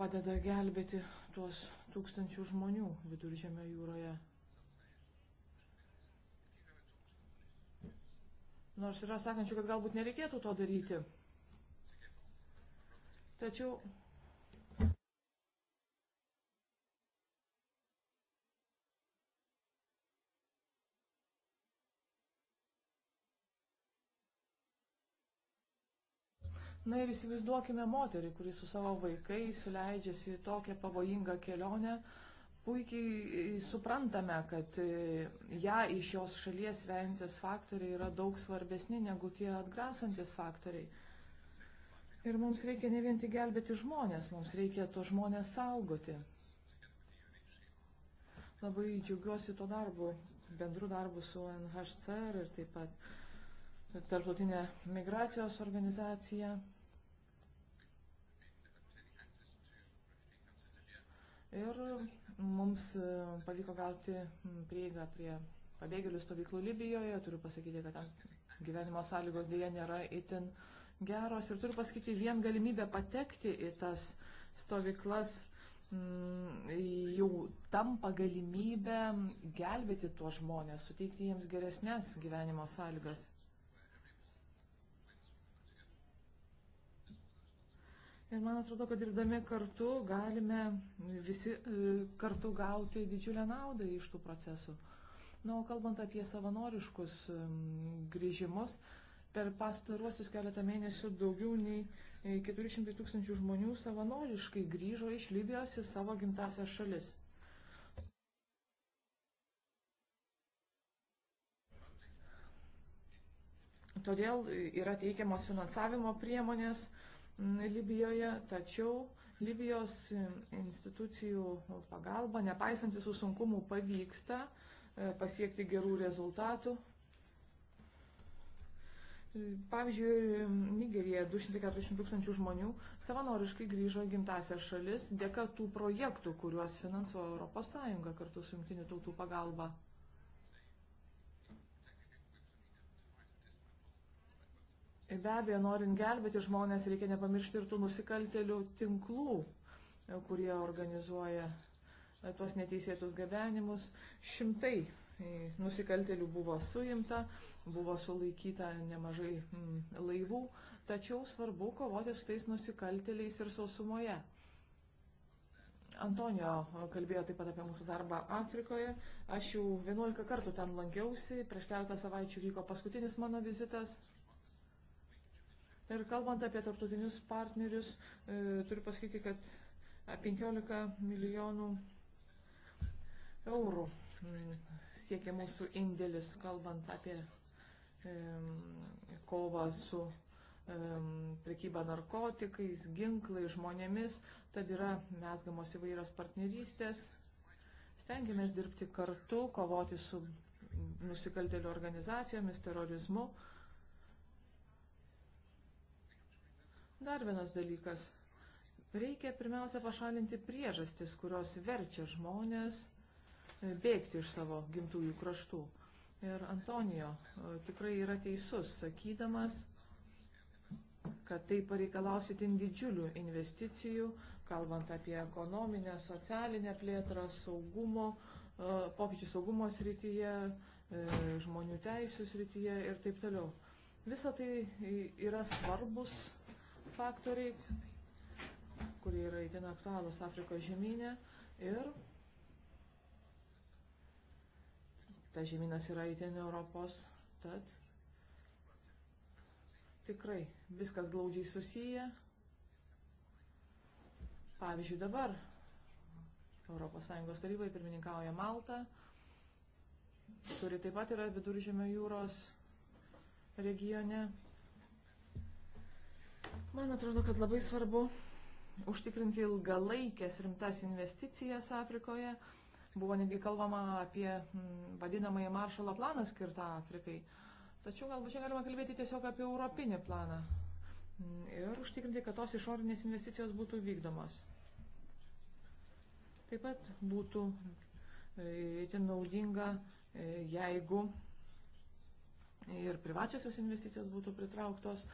padeda gelbėti tuos tūkstančių žmonių viduržėme jūroje. Nors yra sakančių, kad galbūt nereikėtų to daryti. Tačiau Na ir įsivaizduokime moterį, kuris su savo vaikais leidžiasi į tokią pavojingą kelionę. Puikiai e, suprantame, kad e, ją iš jos šalies vejantys faktoriai yra daug svarbesni negu tie atgrasantis faktoriai. Ir mums reikia ne vien tik gelbėti žmonės, mums reikia to žmonės saugoti. Labai džiaugiuosi to darbu, bendru darbu su NHCR ir taip pat Tarptautinė migracijos organizacija. Ir e, mums e, pavyko gauti prieigą prie pabėgėlių stovyklų Libijoje. Turiu pasakyti, kad ten gyvenimo sąlygos dėja nėra itin geros. Ir turiu pasakyti, vien galimybė patekti į tas stovyklas m, jau tampa galimybė gelbėti tuos žmonės, suteikti jiems geresnės gyvenimo sąlygas. Ir man atrodo, kad dirbdami kartu galime visi e, kartu gauti didžiulę naudą iš tų procesų. Na, o kalbant apie savanoriškus grįžimus, per pastaruosius keletą mėnesių daugiau nei 400 e, tūkstančių žmonių savanoriškai grįžo iš Libijos į savo gimtasią šalis. Todėl yra teikiamos finansavimo priemonės, Libijoje, tačiau Libijos institucijų pagalba, nepaisant visų sunkumų, pavyksta e, pasiekti gerų rezultatų. Pavyzdžiui, Nigerija 240 tūkstančių žmonių savanoriškai grįžo į gimtasią šalis dėka tų projektų, kuriuos finansuoja ES kartu su Junktinių tautų pagalba. Be abejo, norint gelbėti žmonės, reikia nepamiršti ir tų nusikaltelių tinklų, e, kurie organizuoja e, tuos neteisėtus gabenimus. Šimtai e, nusikaltelių buvo suimta, buvo sulaikyta nemažai laivų, tačiau svarbu kovoti su tais nusikalteliais ir sausumoje. Antonijo kalbėjo taip pat apie mūsų darbą Afrikoje. Aš jau 11 kartų ten lankiausi, prieš keletą savaičių vyko paskutinis mano vizitas. Ir kalbant apie tarptautinius partnerius, e, turiu pasakyti, kad 15 milijonų eurų siekia mūsų indėlis, kalbant apie e, kovą su e, prekyba narkotikais, ginklai, žmonėmis. Tad yra mesgamos įvairios partnerystės. Stengiamės dirbti kartu, kovoti su nusikaltėlių organizacijomis, terorizmu. E, Dar vienas dalykas. Reikia pirmiausia pašalinti priežastis, kurios verčia žmonės e, bėgti iš savo gimtųjų kraštų. Ir Antonijo e, tikrai yra teisus, sakydamas, kad tai pareikalaus itin didžiulių investicijų, kalbant apie ekonominę, socialinę plėtrą, saugumo, e, pokyčių saugumo srityje, žmonių teisų srityje ir taip toliau. Visa tai yra svarbus faktoriai, kurie yra įtin aktualūs Afrikos žemynė ir ta žemynas yra įtin Europos, tad tikrai viskas glaudžiai susiję. Pavyzdžiui, dabar ES tarybai pirmininkauja Malta, kuri taip pat yra viduržėmio jūros regione. Man atrodo, kad labai svarbu užtikrinti ilgalaikės rimtas investicijas Afrikoje. Buvo netgi kalbama apie mm, vadinamąjį maršalo planą skirtą Afrikai. Tačiau galbūt čia galima kalbėti tiesiog apie europinį planą mm, ir užtikrinti, kad tos išorinės investicijos būtų vykdomos. Taip pat būtų e, itin naudinga, e, jeigu ir privačiosios investicijos būtų pritrauktos,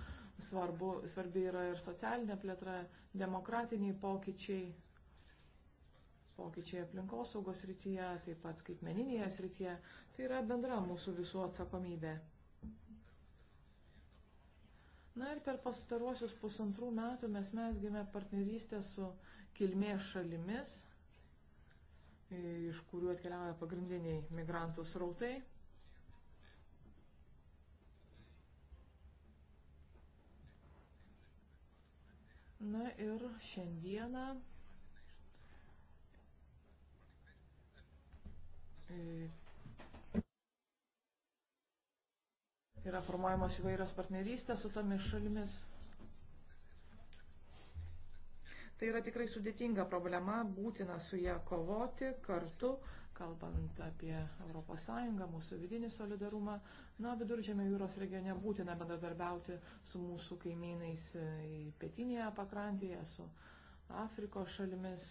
svarbu, svarbi yra ir socialinė plėtra, demokratiniai pokyčiai, pokyčiai aplinkosaugos rytyje, taip pat skaitmeninėje srityje. Tai yra bendra mūsų visų atsakomybė. Na ir per pastaruosius pusantrų metų mes mesgėme partnerystę su kilmės šalimis, iš kurių atkeliauja pagrindiniai migrantų srautai. Na ir šiandieną e, yra formuojamos įvairios partnerystės su tomis šalimis. Tai yra tikrai sudėtinga problema, būtina su ją kovoti kartu, kalbant apie ES, mūsų vidinį solidarumą. Na, viduržėmio jūros regione būtina bendradarbiauti su mūsų kaimynais e, į pietinėje pakrantėje, su Afrikos šalimis.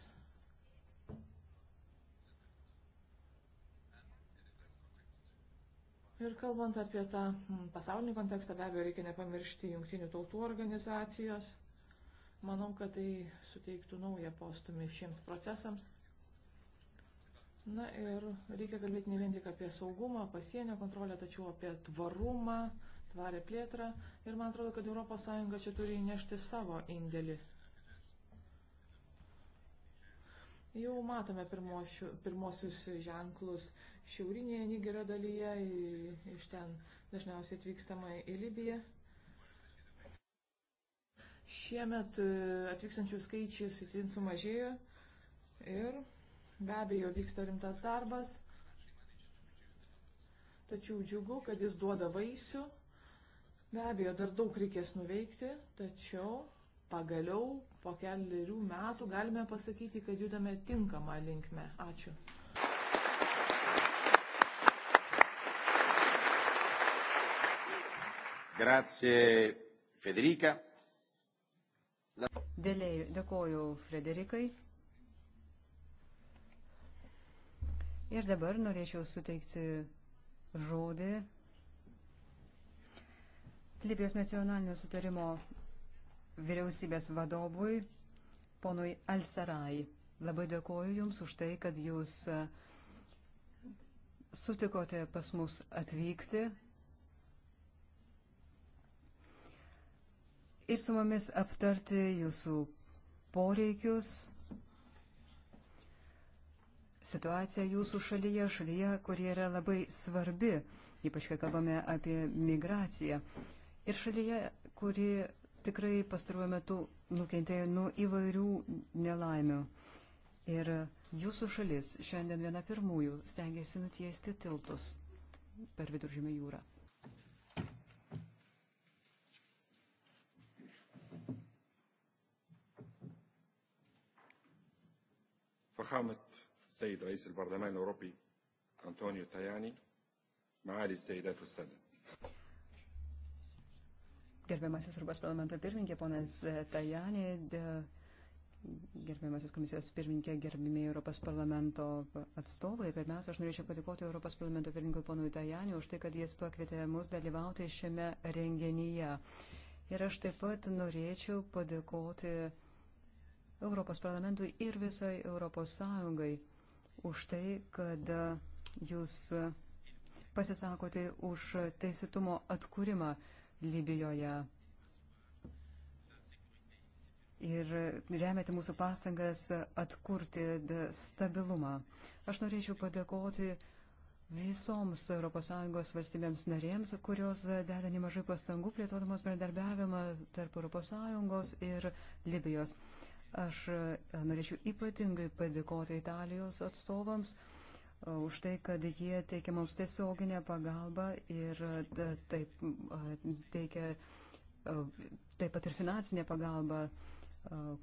Ir kalbant apie tą pasaulinį kontekstą, be abejo, reikia nepamiršti jungtinių tautų organizacijos. Manau, kad tai suteiktų naują postumį šiems procesams. Na ir reikia kalbėti ne vien tik apie saugumą, pasienio kontrolę, tačiau apie tvarumą, tvarę plėtrą. Ir man atrodo, kad ES čia turi įnešti savo indėlį. Jau matome pirmosiu, pirmosius ženklus šiaurinėje Nigerio dalyje, iš ten dažniausiai atvykstama į Libiją. Šiemet e, atvykstančių skaičius įtin sumažėjo ir Be abejo, vyksta rimtas darbas, tačiau džiugu, kad jis duoda vaisių. Be abejo, dar daug reikės nuveikti, tačiau pagaliau po keliarių metų galime pasakyti, kad judame tinkamą linkmę. Ačiū. Grazie, Federica. La... Dėlėjau, dėkoju Frederikai. Ir dabar norėčiau suteikti žodį Libijos nacionalinio sutarimo vyriausybės vadovui, ponui Alsarai. Labai dėkoju Jums už tai, kad Jūs uh, sutikote pas mus atvykti ir su mumis aptarti Jūsų poreikius situaciją jūsų šalyje, šalyje, kurie yra labai svarbi, ypač kai kalbame apie migraciją. Ir šalyje, kuri tikrai pastaruoju metu nukentėjo nuo įvairių nelaimių. Ir jūsų šalis šiandien viena pirmųjų stengiasi nutiesti tiltus per viduržymę jūrą. we gaan het السيد رئيس البرلمان الأوروبي أنطونيو تاياني معالي السيدات والسادة Gerbiamasis Europos parlamento pirmininkė, ponas Tajanė, gerbiamasis komisijos pirmininkė, gerbimi Europos parlamento atstovai. Pirmiausia, aš norėčiau padėkoti Europos parlamento pirmininkui ponui Tajanė už tai, kad jis pakvietė mus dalyvauti šiame renginyje. Ir aš taip pat norėčiau padėkoti Europos parlamentui ir visai Europos Sąjungai už tai, kad e, jūs pasisakote už teisėtumo atkūrimą Libijoje ir remiate mūsų pastangas atkurti stabilumą. Aš norėčiau padėkoti visoms ES valstybėms narėms, kurios deda nemažai pastangų plėtodamos bendradarbiavimą tarp ES ir Libijos. Aš e, norėčiau ypatingai padėkoti Italijos atstovams e, už tai, kad jie teikia mums tiesioginę pagalbą ir e, taip teikia taip pat ir finansinę pagalbą,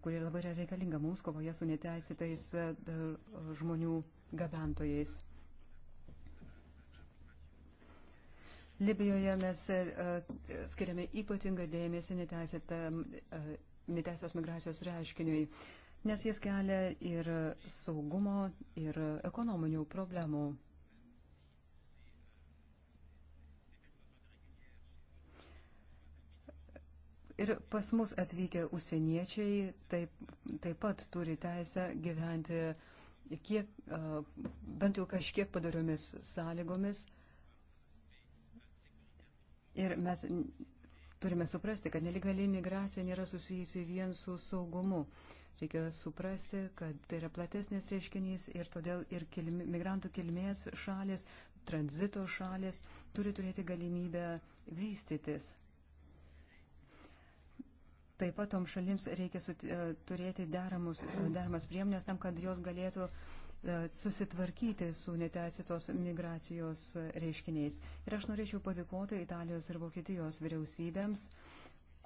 kuri labai yra reikalinga mums kovoje su neteisėtais žmonių gabentojais. Libijoje mes skiriame ypatingą dėmesį neteisėtam neteisės migracijos reiškiniui, nes jis kelia ir saugumo, ir ekonominių problemų. Ir pas mus atvykę užsieniečiai taip, taip pat turi teisę gyventi kiek, bent jau kažkiek padariomis sąlygomis. Ir mes turime suprasti, kad nelegali migracija nėra susijusi vien su saugumu. Reikia suprasti, kad tai yra platesnis reiškinys ir todėl ir kilmi, migrantų kilmės šalis, tranzito šalis turi turėti galimybę vystytis. Taip pat tom šalims reikia e, turėti deramus, e, deramas priemonės tam, kad jos galėtų uh, E, susitvarkyti su neteisėtos migracijos reiškiniais. Ir aš norėčiau padėkoti Italijos ir Vokietijos vyriausybėms,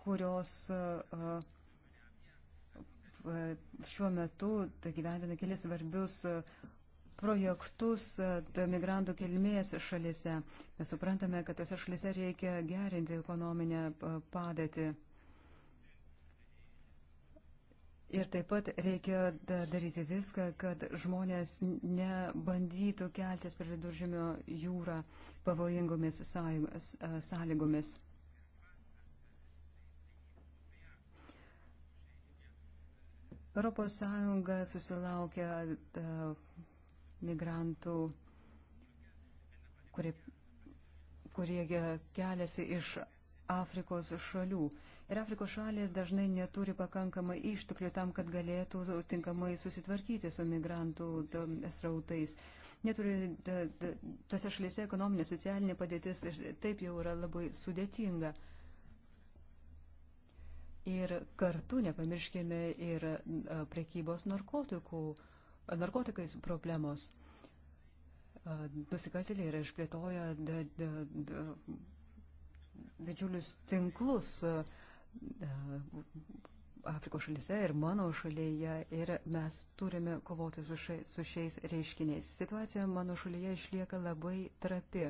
kurios e, e, šiuo metu tai gyvendina kelis svarbius projektus migrantų kilmės šalise. Mes suprantame, kad tose šalise reikia gerinti ekonominę padėtį. Ir taip pat reikia daryti viską, kad žmonės nebandytų keltis per viduržėmio jūrą pavojingomis sąlygomis. Europos Sąjunga susilaukia migrantų, kurie, kurie keliasi iš Afrikos šalių. Ir Afrikos šalės dažnai neturi pakankamai išteklių tam, kad galėtų tinkamai susitvarkyti su migrantų srautais. Neturi, tose šalyse ekonominė, socialinė padėtis taip jau yra labai sudėtinga. Ir kartu nepamirškime ir prekybos narkotikų, narkotikais problemos. Nusikaltėliai yra išplėtoję didžiulius tinklus e, Afrikos šalyse ir mano šalyje ir mes turime kovoti su, šia, su šiais reiškiniais. Situacija mano šalyje išlieka labai trapi.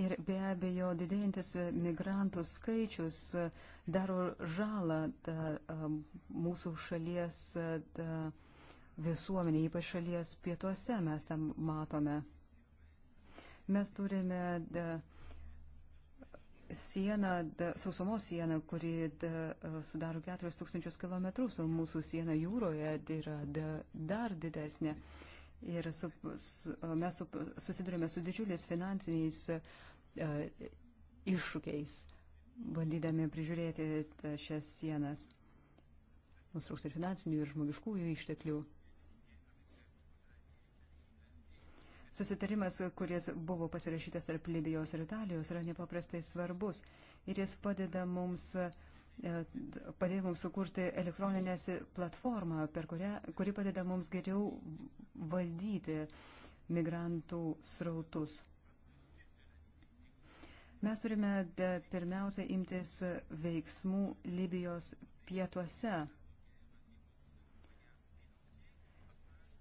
Ir be abejo, didėjantis migrantų skaičius daro žalą ta, mūsų šalies ta, visuomenė, ypač šalies pietuose mes tam matome. Mes turime da, sieną, da, sausumos sieną, kuri da, sudaro 4000 km, o mūsų siena jūroje yra da, dar didesnė. Ir su, su, mes su, susidurime su didžiuliais finansiniais e, iššūkiais, bandydami prižiūrėti šias sienas. Mums trūksta ir finansinių, ir žmogiškųjų išteklių. Susitarimas, kuris buvo pasirašytas tarp Libijos ir Italijos, yra nepaprastai svarbus ir jis padeda mums e, padėjo mums sukurti elektroninę platformą, kurią, kuri padeda mums geriau valdyti migrantų srautus. Mes turime pirmiausia imtis veiksmų Libijos pietuose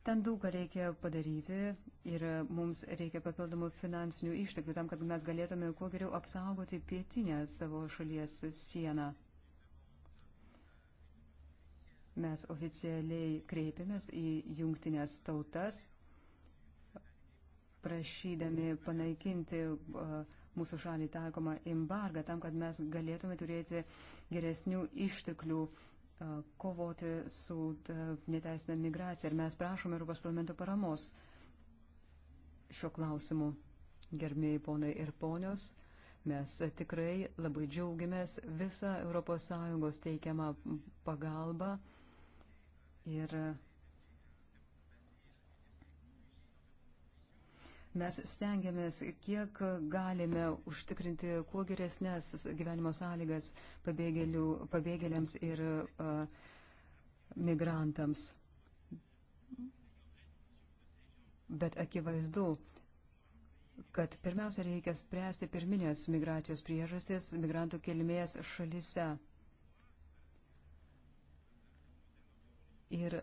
Ten daug ką reikia padaryti ir mums reikia papildomų finansinių išteklių tam, kad mes galėtume kuo geriau apsaugoti pietinę savo šalies sieną. Mes oficialiai kreipėmės į jungtinės tautas, prašydami panaikinti mūsų šalį taikomą embargą tam, kad mes galėtume turėti geresnių išteklių uh, kovoti su neteisinė migracija. Ir mes prašome Europos parlamento paramos šiuo klausimu, gerbėjai ponai ir ponios. Mes tikrai labai džiaugiamės visą ES teikiamą pagalbą ir Mes stengiamės, kiek galime užtikrinti kuo geresnės gyvenimo sąlygas pabėgėliams ir uh, migrantams. Bet akivaizdu, kad pirmiausia reikia spręsti pirminės migracijos priežastis migrantų kilmės šalise. Ir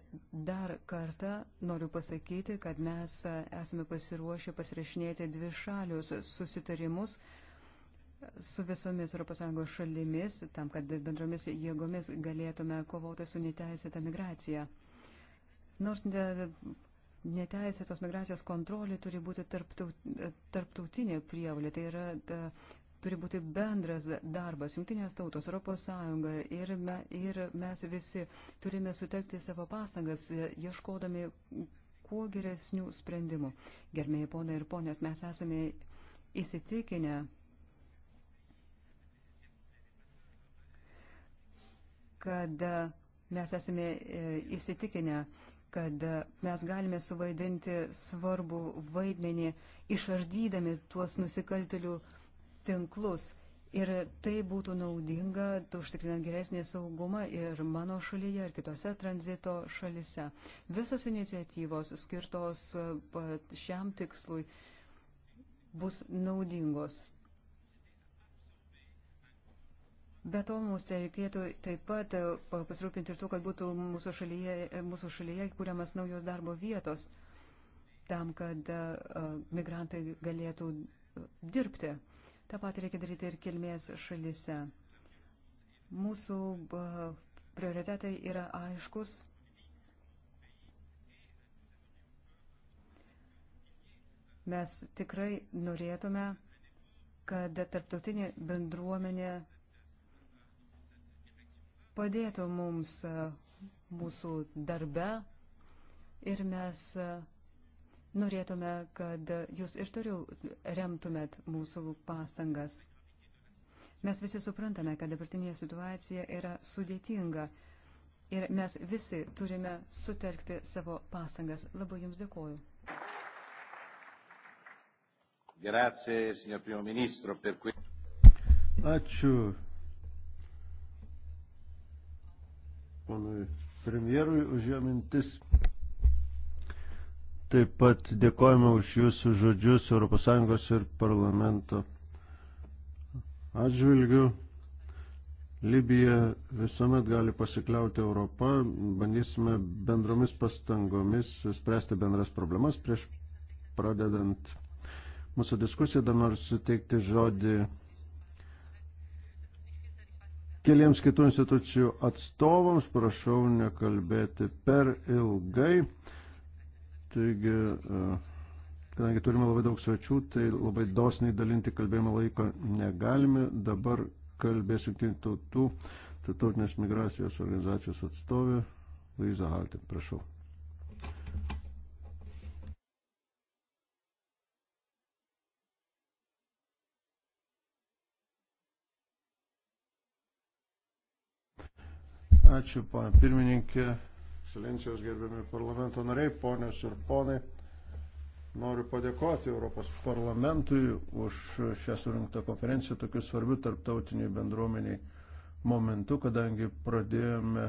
dar kartą noriu pasakyti, kad mes esame pasiruošę pasirašinėti dvi šalius susitarimus su visomis ES šalimis, tam, kad bendromis jėgomis galėtume kovoti su neteisėta migracija. Nors neteisėtos migracijos kontrolė turi būti tarptautinė prievalė, tai yra turi būti bendras darbas, jungtinės tautos, Europos Sąjunga ir, me, ir mes visi turime sutelkti savo pastangas, e, ieškodami kuo geresnių sprendimų. Gerbėjai ponai ir ponios, mes esame įsitikinę, kad mes esame e, įsitikinę, kad mes galime suvaidinti svarbų vaidmenį, išardydami tuos nusikaltelių uh, tinklus. Ir tai būtų naudinga, užtikrinant geresnį saugumą ir mano šalyje, ir kitose tranzito šalise. Visos iniciatyvos skirtos e, šiam tikslui bus naudingos. Be to, mums reikėtų taip pat e, pasirūpinti ir tų, kad būtų mūsų šalyje, e, mūsų šalyje kūriamas naujos darbo vietos, tam, kad migrantai galėtų dirbti. Ta pat reikia daryti ir kilmės šalise. Mūsų prioritetai yra aiškus. Mes tikrai norėtume, kad tarptautinė bendruomenė padėtų mums mūsų darbe ir mes Norėtume, kad jūs ir toliau remtumėt mūsų pastangas. Mes visi suprantame, kad dabartinė situacija yra sudėtinga ir mes visi turime sutelkti savo pastangas. Labai Jums dėkoju. Grazie, signor primo ministro, per questo. Ačiū ponui premjerui už jo mintis. Taip pat dėkojame už jūsų žodžius ES ir parlamento atžvilgių. Libija visuomet gali pasikliauti Europą, bandysime bendromis pastangomis spręsti bendras problemas. Prieš pradedant mūsų diskusiją dar noriu suteikti žodį keliems kitų institucijų atstovams. Prašau nekalbėti per ilgai. Taigi, e, kadangi turime labai daug svečių, tai labai dosniai dalinti kalbėjimo laiko negalime. Dabar kalbės jungtinių tautų, tarptautinės migracijos organizacijos atstovė Luiza Haltin. Prašau. Ačiū, pana pirmininkė ekscelencijos, gerbiami parlamento nariai, ponios ir ponai. Noriu padėkoti Europos parlamentui už šią surinktą konferenciją tokiu svarbiu tarptautiniai bendruomeniai momentu, kadangi pradėjome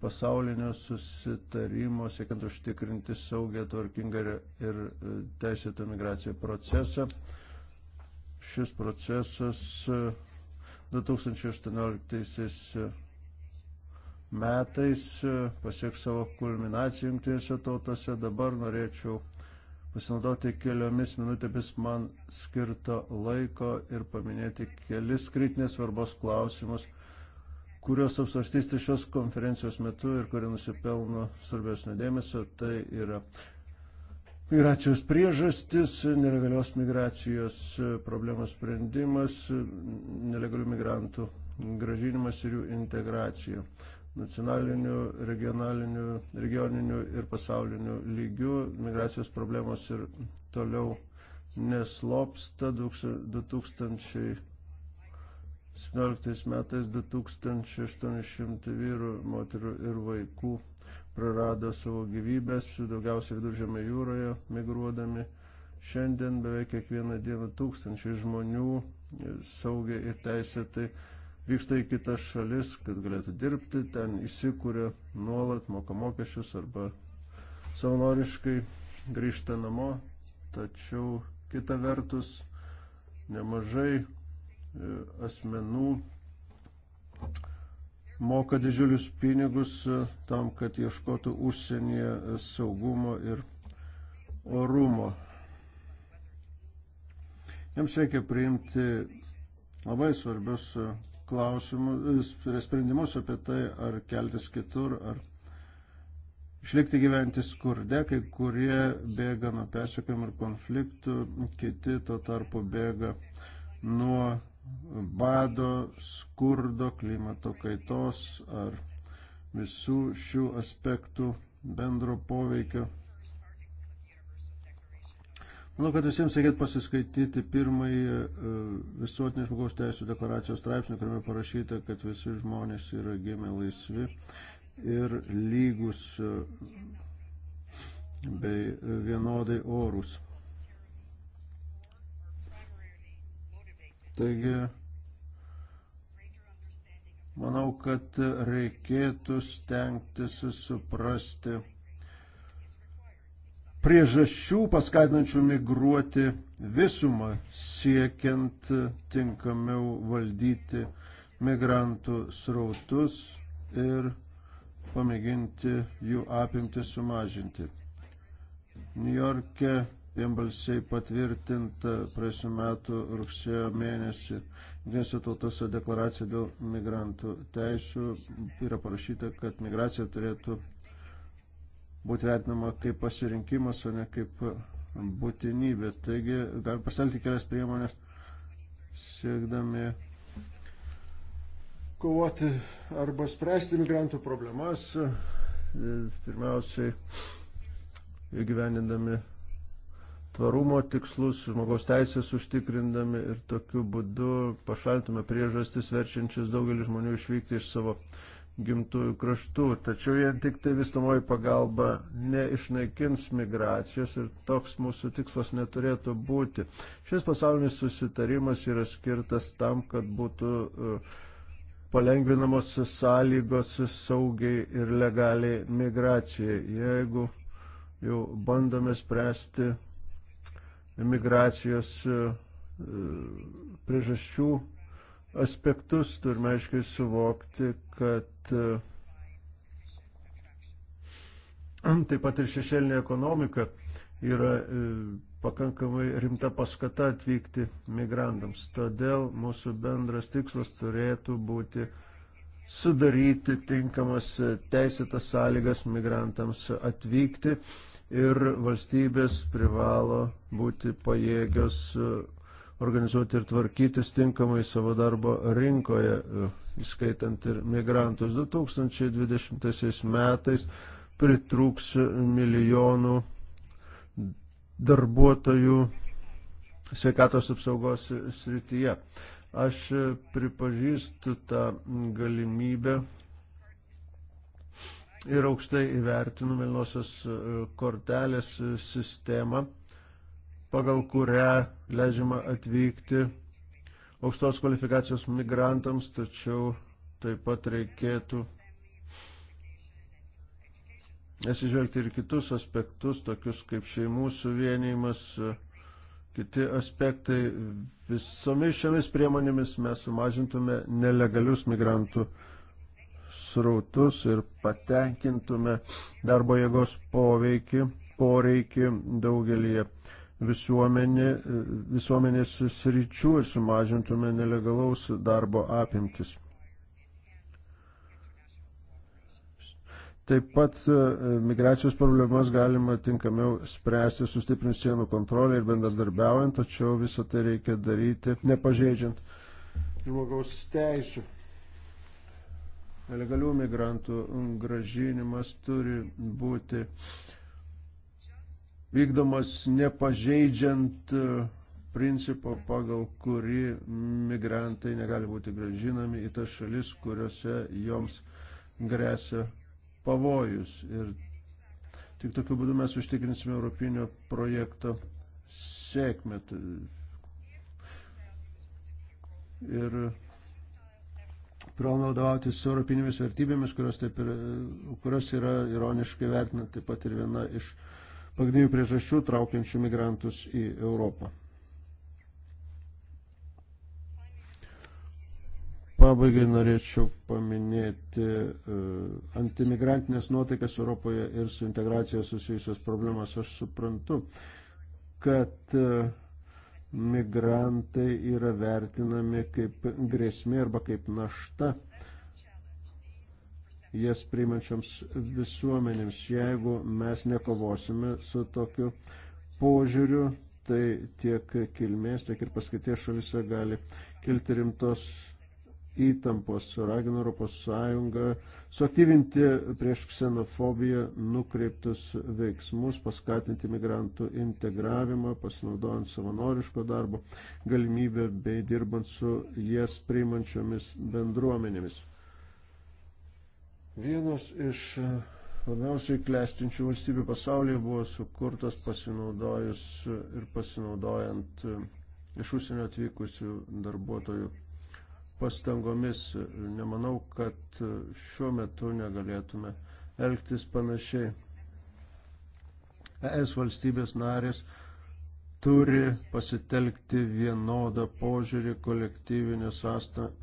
pasaulinio susitarimo, siekiant užtikrinti saugę, tvarkingą ir teisėtą migraciją procesą. Šis procesas 2018 e, metais e, pasieks savo kulminaciją jungtinėse tautose. Dabar norėčiau pasinaudoti keliomis minutėmis man skirto laiko ir paminėti kelis kritinės svarbos klausimus, kuriuos apsvarstysite šios konferencijos metu ir kurie nusipelno svarbesnio dėmesio. Tai yra migracijos priežastis, nelegalios migracijos e, problemos sprendimas, e, nelegalių migrantų gražinimas ir jų integracija nacionaliniu, regionaliniu, regioniniu ir pasauliniu lygiu. Migracijos problemos ir toliau neslopsta. 2017 metais 2800 vyrų, moterų ir vaikų prarado savo gyvybės, daugiausiai viduržėme jūroje migruodami. Šiandien beveik kiekvieną dieną tūkstančiai žmonių saugiai ir teisėtai vyksta į kitas šalis, kad galėtų dirbti, ten įsikūrė nuolat, moka mokesčius arba savanoriškai grįžta namo, tačiau kita vertus nemažai e, asmenų moka didžiulius pinigus e, tam, kad ieškotų užsienyje e, saugumo ir orumo. Jiems reikia priimti labai svarbius klausimus, e, e, sprendimus apie tai, ar keltis kitur, ar išlikti gyventi skurde, kai kurie bėga nuo persiekimų ir konfliktų, kiti tuo tarpu bėga nuo bado, skurdo, klimato kaitos ar visų šių aspektų bendro poveikio Manau, kad visiems reikėtų pasiskaityti pirmąjį e, visuotinės žmogaus teisų deklaracijos straipsnį, kuriame parašyta, kad visi žmonės yra gimę laisvi ir lygus e, bei e, vienodai orus. Taigi, manau, kad reikėtų stengtis suprasti priežasčių paskatinančių migruoti visumą, siekiant tinkamiau valdyti migrantų srautus ir pamėginti jų apimtį sumažinti. Niujorke vienbalsiai patvirtinta praėjusiu metu rugsėjo mėnesį Jungtinėse tautose deklaracija dėl migrantų teisų yra parašyta, kad migracija turėtų būti vertinama kaip pasirinkimas, o ne kaip būtinybė. Taigi galime pasielgti kelias priemonės siekdami kovoti arba spręsti migrantų problemas, pirmiausiai įgyvendindami tvarumo tikslus, žmogaus teisės užtikrindami ir tokiu būdu pašaltume priežastis verčiančias daugelį žmonių išvykti iš savo gimtųjų kraštų. Tačiau vien tik tai visamoji pagalba neišnaikins migracijos ir toks mūsų tikslas neturėtų būti. Šis pasaulinis susitarimas yra skirtas tam, kad būtų uh, palengvinamos sąlygos saugiai ir legaliai migracijai. Jeigu jau bandome spręsti migracijos uh, priežasčių aspektus turime aiškiai suvokti, kad e, taip pat ir šešėlinė ekonomika yra e, pakankamai rimta paskata atvykti migrantams. Todėl mūsų bendras tikslas turėtų būti sudaryti tinkamas teisėtas sąlygas migrantams atvykti ir valstybės privalo būti pajėgios organizuoti ir tvarkytis tinkamai savo darbo rinkoje, e, įskaitant ir migrantus. 2020 metais pritrūks milijonų darbuotojų sveikatos apsaugos srityje. Aš pripažįstu tą galimybę ir aukštai įvertinu Melnosios kortelės sistemą pagal kurią leidžiama atvykti aukštos kvalifikacijos migrantams, tačiau taip pat reikėtų nesižvelgti ir kitus aspektus, tokius kaip šeimų suvienimas, kiti aspektai. Visomis šiomis priemonėmis mes sumažintume nelegalius migrantų srautus ir patenkintume darbo jėgos poveikį, poreikį daugelį visuomenė, visuomenės sričių ir sumažintume nelegalaus darbo apimtis. Taip pat e, migracijos problemas galima tinkamiau spręsti sustiprinus sienų kontrolę ir bendradarbiaujant, tačiau visą tai reikia daryti nepažeidžiant žmogaus teisų. Nelegalių migrantų gražinimas turi būti uh, vykdomas nepažeidžiant e, principo, pagal kurį migrantai negali būti gražinami į tas šalis, kuriuose joms grėsia pavojus. Ir tik tokiu būdu mes užtikrinsime Europinio projekto sėkmę. Ir privalome vadovautis europinėmis vertybėmis, kurios, taip ir, kurios yra ironiškai vertina taip pat ir viena iš uh, pagrindinių priežasčių traukiančių migrantus į Europą. Pabaigai norėčiau paminėti e, antimigrantinės nuotaikas Europoje ir su integracija susijusios problemas. Aš suprantu, kad e, migrantai yra vertinami kaip grėsmė arba kaip našta jas priimančioms visuomenėms. Jeigu mes nekovosime su tokiu požiūriu, tai tiek kilmės, tiek ir paskaities šalise gali kilti rimtos įtampos. Ragino Europos Sąjungą suaktyvinti prieš ksenofobiją nukreiptus veiksmus, paskatinti migrantų integravimą, pasinaudojant savanoriško darbo galimybę bei dirbant su jas priimančiomis bendruomenėmis. Vienas iš e, labiausiai klestinčių valstybių pasaulyje buvo sukurtas pasinaudojus ir pasinaudojant e, iš užsienio atvykusių darbuotojų pastangomis. Nemanau, kad e, šiuo metu negalėtume elgtis panašiai. ES valstybės narės turi pasitelkti vienodą požiūrį, kolektyvinės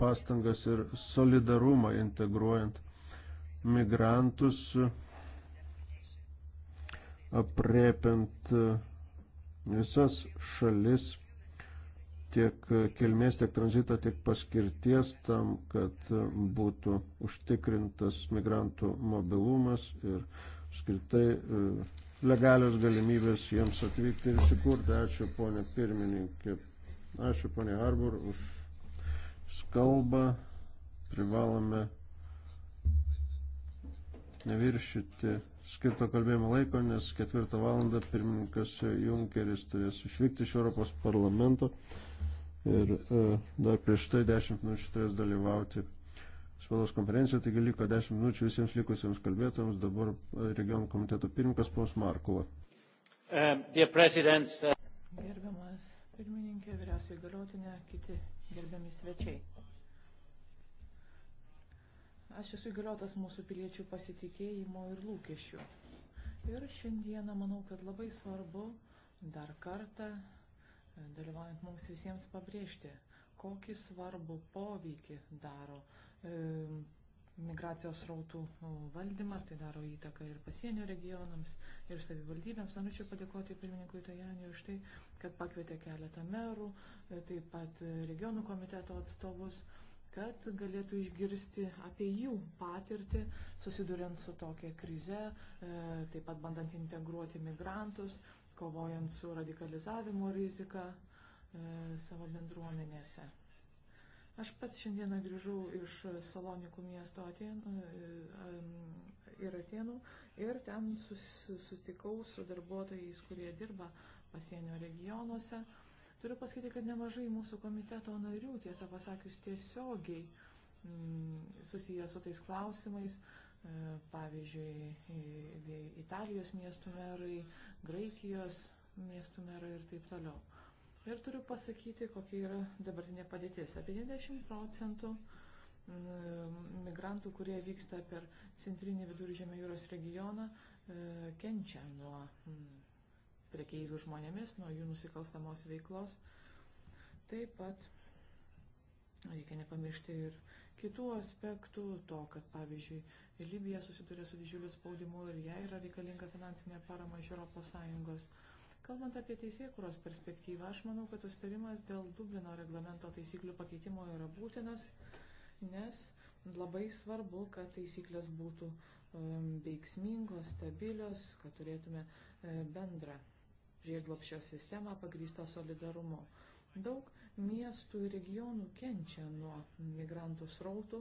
pastangas ir solidarumą integruojant migrantus, apriepiant visas šalis tiek kilmės, tiek tranzito, tiek paskirties tam, kad būtų užtikrintas migrantų mobilumas ir skirtai e, legalios galimybės jiems atvykti ir įsikurti. Ačiū ponė pirmininkė. Ačiū ponė Harbor už kalbą. Privalome neviršyti skirto kalbėjimo laiko, nes ketvirtą valandą pirmininkas Junkeris turės išvykti iš Europos parlamento ir e, dar prieš tai 10 minučių turės dalyvauti spaudos konferencijoje, taigi liko 10 minučių visiems likusiems kalbėtojams, dabar e, regionų komiteto pirmininkas Paus Markula. Um, Gerbiamas pirmininkė, vyriausiai galiotinė, kiti gerbiami svečiai. Aš esu įgaliotas mūsų piliečių pasitikėjimo ir lūkesčių. Ir šiandieną manau, kad labai svarbu dar kartą, e, dalyvaujant mums visiems, pabrėžti, kokį svarbų poveikį daro e, migracijos rautų e, valdymas, tai daro įtaką ir pasienio regionams, ir savivaldybėms. Norėčiau padėkoti pirmininkui Tajaniui už tai, kad pakvietė keletą merų, e, taip pat regionų komiteto atstovus. E, kad galėtų išgirsti apie jų patirtį, susiduriant su tokia krize, e, taip pat bandant integruoti migrantus, kovojant su radikalizavimo rizika e, savo bendruomenėse. Aš pats šiandieną grįžau iš Salonikų miesto e, atėnų, ir Atenų ir ten susitikau su darbuotojais, kurie dirba pasienio regionuose. Turiu pasakyti, kad nemažai mūsų komiteto narių, tiesą pasakius, tiesiogiai mm, susiję su tais klausimais, e, pavyzdžiui, Italijos miestų merai, Graikijos miestų merai ir taip toliau. Ir turiu pasakyti, kokia yra dabartinė padėtis. Apie 90 procentų mm, migrantų, kurie vyksta per centrinį viduržėmio jūros regioną, e, kenčia nuo mm, prekeivių žmonėmis, nuo jų nusikalstamos veiklos. Taip pat reikia nepamiršti ir kitų aspektų, to, kad pavyzdžiui Libija susiduria su didžiuliu spaudimu ir jai yra reikalinga finansinė parama iš ES. Kalbant apie teisėkuros perspektyvą, aš manau, kad sustarimas dėl Dublino reglamento taisyklių pakeitimo yra būtinas, nes labai svarbu, kad taisyklės būtų um, veiksmingos, stabilios, kad turėtume e, bendrą prieglopšio sistemą pagrįstą solidarumu. Daug miestų ir regionų kenčia nuo migrantų srautų,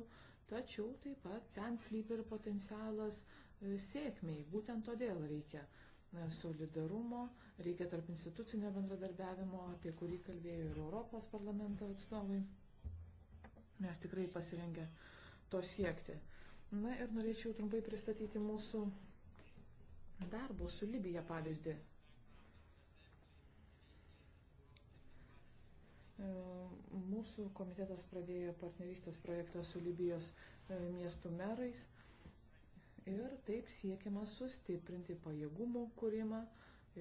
tačiau taip pat ten slypi ir potencialas e, sėkmiai. Būtent todėl reikia e, solidarumo, reikia tarp institucinio bendradarbiavimo, apie kurį kalbėjo ir Europos parlamento atstovai. Mes tikrai pasirengę to siekti. Na ir norėčiau trumpai pristatyti mūsų darbo su Libija pavyzdį. E, mūsų komitetas pradėjo partnerystės projektą su Libijos e, miestų merais ir taip siekiama sustiprinti pajėgumų kūrimą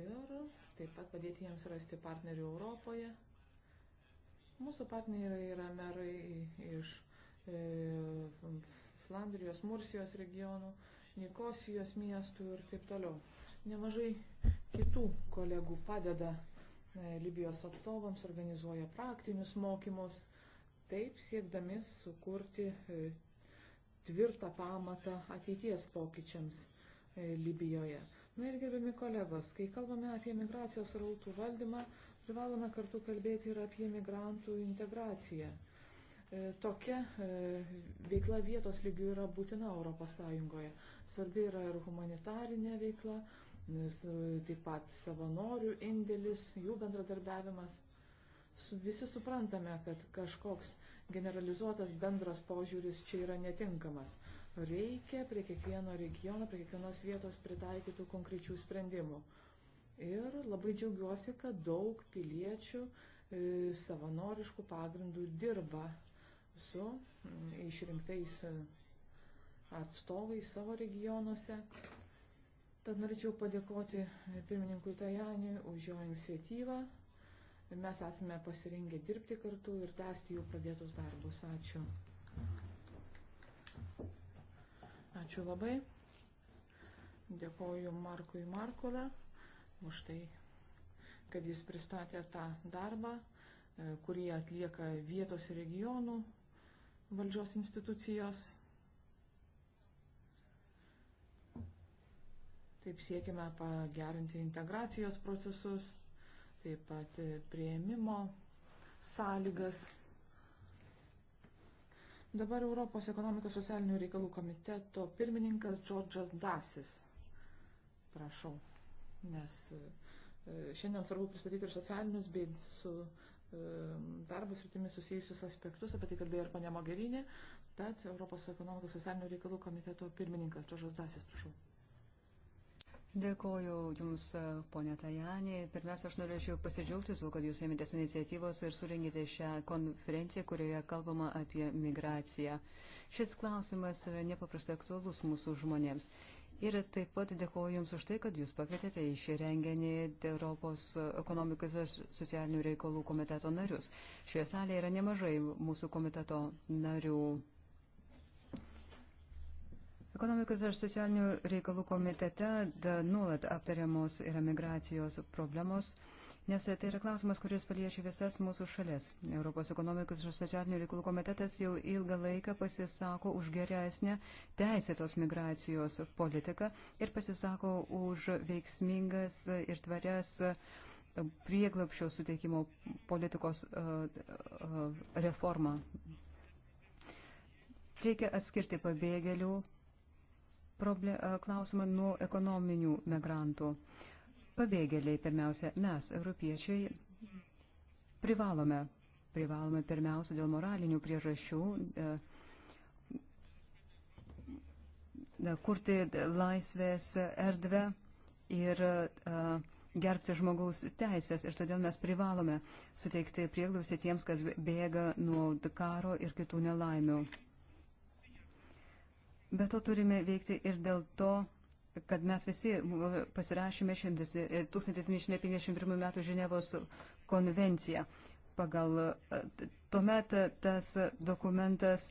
ir taip pat padėti jiems rasti partnerių Europoje. Mūsų partneriai yra merai iš e, Flandrijos, Mursijos regionų, Nikosijos miestų ir taip toliau. Nemažai kitų kolegų padeda E, Libijos atstovams organizuoja praktinius mokymus, taip siekdami sukurti e, tvirtą pamatą ateities pokyčiams e, Libijoje. Na ir gerbiami kolegos, kai kalbame apie migracijos rautų valdymą, privalome kartu kalbėti ir apie migrantų integraciją. Tokia veikla vietos lygių yra būtina ES. Svarbi yra ir humanitarinė veikla, E, taip pat savanorių indėlis, jų bendradarbiavimas. Visi suprantame, kad kažkoks generalizuotas bendras požiūris čia yra netinkamas. Reikia prie kiekvieno regiono, prie kiekvienos vietos pritaikytų konkrečių sprendimų. Ir labai džiaugiuosi, kad daug piliečių e, savanoriškų pagrindų dirba su išrinktais e, atstovai savo regionuose. Tad norėčiau padėkoti e, pirmininkui Tajaniui už jo iniciatyvą. Mes esame pasirengę dirbti kartu ir tęsti jų pradėtus darbus. Ačiū. Ačiū labai. Dėkoju Markui Markolę už tai, kad jis pristatė tą darbą, e, kurį atlieka vietos regionų valdžios institucijos. Taip siekime pagerinti integracijos procesus, taip pat prieimimo sąlygas. Dabar Europos ekonomikos socialinių reikalų komiteto pirmininkas Džordžas Dasis. Prašau, nes e, šiandien svarbu pristatyti ir socialinius bei su e, darbus rytimis susijusius aspektus, apie tai kalbėjo ir ponia Mogerinė, tad Europos ekonomikos socialinių reikalų komiteto pirmininkas Džordžas Dasis, prašau. Dėkoju Jums, e, ponė Tajanė. Pirmiausia, aš norėčiau pasidžiaugti tuo, kad Jūs ėmėtės iniciatyvos ir surengėte šią konferenciją, kurioje kalbama apie migraciją. Šis klausimas yra nepaprastai aktualus mūsų žmonėms. Ir taip pat dėkoju Jums už tai, kad Jūs pakvietėte į šį renginį Europos ekonomikos ir socialinių reikalų komiteto narius. Šioje salėje yra nemažai mūsų komiteto narių. Ekonomikos ir socialinių reikalų komitete da, nuolat aptariamos yra migracijos problemos, nes tai yra klausimas, kuris paliečia visas mūsų šalis. Europos ekonomikos ir socialinių reikalų komitetas jau ilgą laiką pasisako už geresnę teisėtos migracijos politiką ir pasisako už veiksmingas ir tvarias prieglapšio suteikimo politikos reformą. Reikia atskirti pabėgėlių E, klausimą nuo ekonominių migrantų. Pabėgėliai, pirmiausia, mes, europiečiai, privalome, privalome pirmiausia dėl moralinių priežasčių e, e, kurti laisvės erdvę ir gerbti žmogaus teisės. Ir todėl mes privalome suteikti prieglausi tiems, kas bėga nuo karo ir kitų nelaimių. Bet to turime veikti ir dėl to, kad mes visi pasirašėme 1951 e, m. Ženevos konvenciją. Pagal e, tuomet tas dokumentas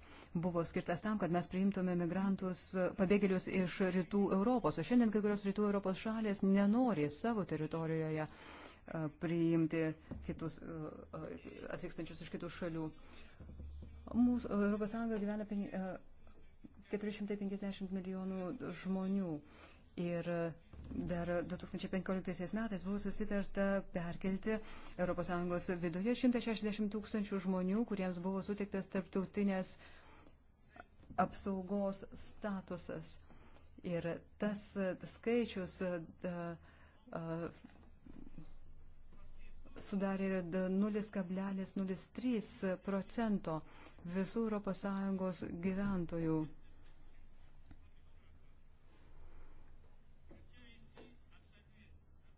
buvo skirtas tam, kad mes priimtume migrantus, pabėgėlius iš rytų Europos. O šiandien kai kurios rytų Europos šalės nenori savo teritorijoje e, priimti kitus, atvykstančius iš kitų šalių. Mūsų Europos Sąjunga gyvena 450 milijonų žmonių. Ir dar 2015 metais buvo susitarta perkelti ES viduje 160 tūkstančių žmonių, kuriems buvo sutiktas tarptautinės apsaugos statusas. Ir tas skaičius da, a, sudarė 0,03 procento visų ES gyventojų.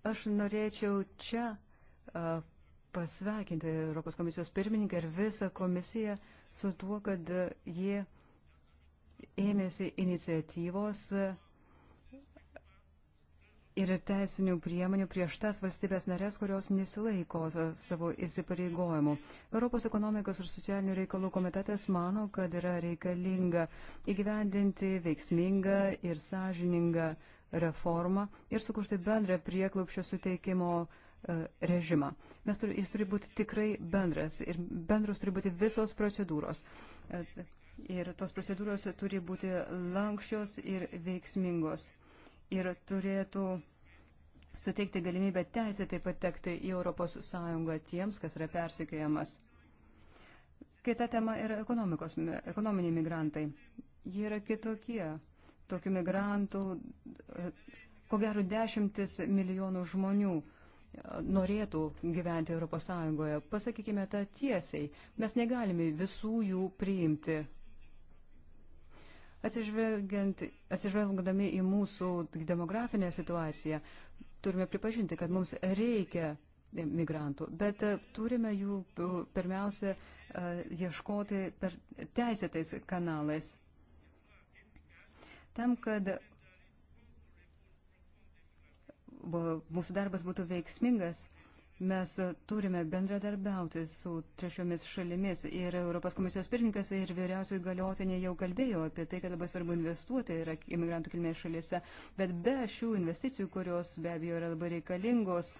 Aš norėčiau čia a, pasveikinti Europos komisijos pirmininką ir visą komisiją su tuo, kad jie ėmėsi iniciatyvos ir teisinių priemonių prieš tas valstybės narės, kurios nesilaiko savo įsipareigojimų. Europos ekonomikos ir socialinių reikalų komitetas mano, kad yra reikalinga įgyvendinti veiksmingą ir sąžiningą uh, reformą ir sukurti bendrą prieklopščio suteikimo e, režimą. Mes turi, jis turi būti tikrai bendras ir bendros turi būti visos procedūros. E, ir tos procedūros turi būti lankščios ir veiksmingos. Ir turėtų suteikti galimybę teisėtai patekti į ES tiems, kas yra persikėjamas. Kita tema yra ekonominiai migrantai. Jie yra kitokie tokių migrantų, ko gero dešimtis milijonų žmonių norėtų gyventi ES. Pasakykime tą tiesiai, mes negalime visų jų priimti. Atsižvelgdami į mūsų demografinę situaciją, turime pripažinti, kad mums reikia migrantų, bet e, turime jų e, pirmiausia e, ieškoti per teisėtais kanalais tam, kad mūsų darbas būtų veiksmingas, mes turime bendradarbiauti su trečiomis šalimis. Ir Europos komisijos pirmininkas ir vyriausiai galiotinė jau kalbėjo apie tai, kad labai svarbu investuoti yra imigrantų kilmės šalyse. Bet be šių investicijų, kurios be abejo yra labai reikalingos,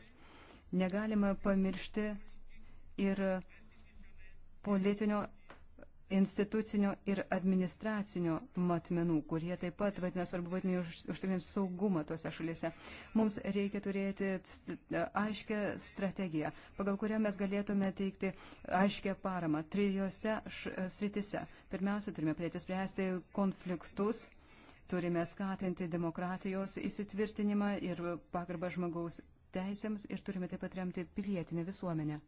negalima pamiršti ir politinio institucinio ir administracinio matmenų, kurie taip pat vadina svarbu vaidmenį užtikrinti saugumą tose šalise. Mums reikia turėti aiškę strategiją, pagal kurią mes galėtume teikti aiškę paramą trijose sritise. Pirmiausia, turime pradėti spręsti konfliktus. Turime skatinti demokratijos įsitvirtinimą ir pagarbą žmogaus teisėms ir turime taip pat remti pilietinę visuomenę.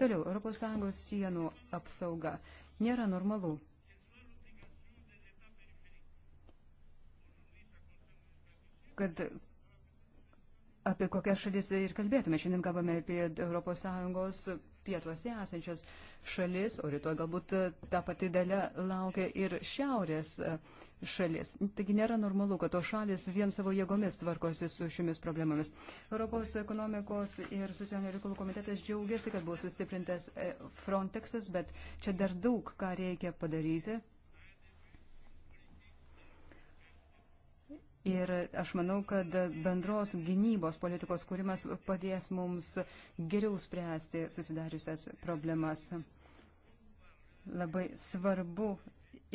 Toliau, ES sienų apsauga nėra normalu. Kad apie kokias šalis ir kalbėtume. Šiandien kalbame apie ES pietuose esančias šalis, o rytoj galbūt e, ta pati dalė laukia ir šiaurės e, šalis. Taigi nėra normalu, kad tos šalis vien savo jėgomis tvarkosi su šiomis problemomis. Europos ekonomikos ir socialinių reikalų komitetas džiaugiasi, kad buvo sustiprintas e, Frontexas, bet čia dar daug ką reikia padaryti. Ir aš manau, kad bendros gynybos politikos kūrimas padės mums geriau spręsti susidariusias problemas. Labai svarbu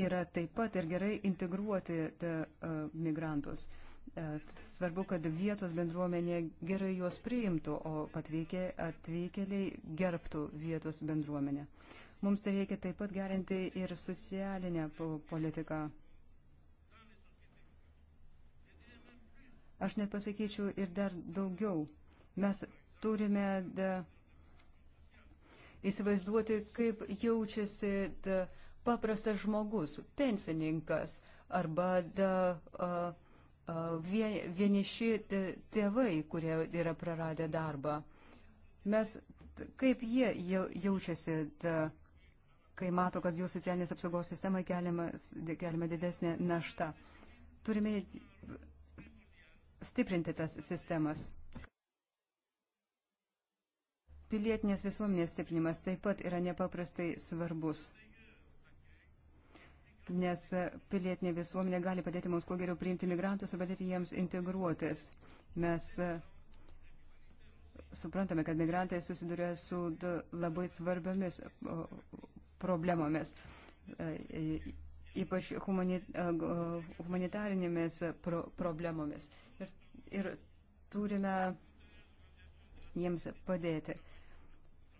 yra taip pat ir gerai integruoti te, uh, migrantus. Uh, svarbu, kad vietos bendruomenė gerai juos priimtų, o patveikia, atvykėliai gerbtų vietos bendruomenę. Mums tai reikia taip pat gerinti ir socialinę politiką. Aš net pasakyčiau ir dar daugiau. Mes turime da, įsivaizduoti, kaip jaučiasi da, paprastas žmogus, pensininkas arba da, a, a, vieniši tėvai, kurie yra praradę darbą. Mes kaip jie jaučiasi, da, kai mato, kad jų socialinės apsaugos sistemai keliama, keliama didesnė našta. Turime stiprinti tas sistemas. Pilietinės visuomenės stiprinimas taip pat yra nepaprastai svarbus, nes pilietinė visuomenė gali padėti mums kuo geriau priimti migrantus ir padėti jiems integruotis. Mes e, suprantame, kad migrantai susiduria su labai svarbiomis problemomis, e, ypač e, humanitarinėmis problemomis ir turime jiems padėti.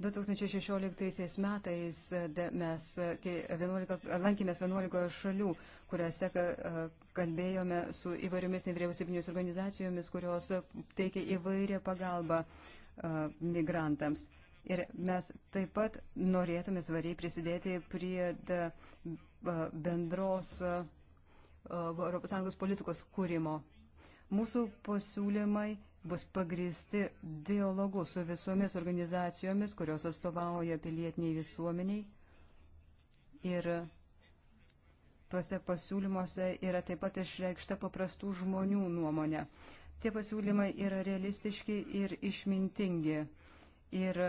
2016 metais mes 11, lankėmės 11 šalių, kuriuose kalbėjome su įvairiomis nevyriausybinės organizacijomis, kurios teikia įvairią pagalbą migrantams. Ir mes taip pat norėtume svariai prisidėti prie bendros ES politikos kūrimo Mūsų pasiūlymai bus pagristi dialogu su visomis organizacijomis, kurios atstovauja pilietiniai visuomeniai. Ir tuose pasiūlymuose yra taip pat išreikšta paprastų žmonių nuomonė. Tie pasiūlymai yra realistiški ir išmintingi. Ir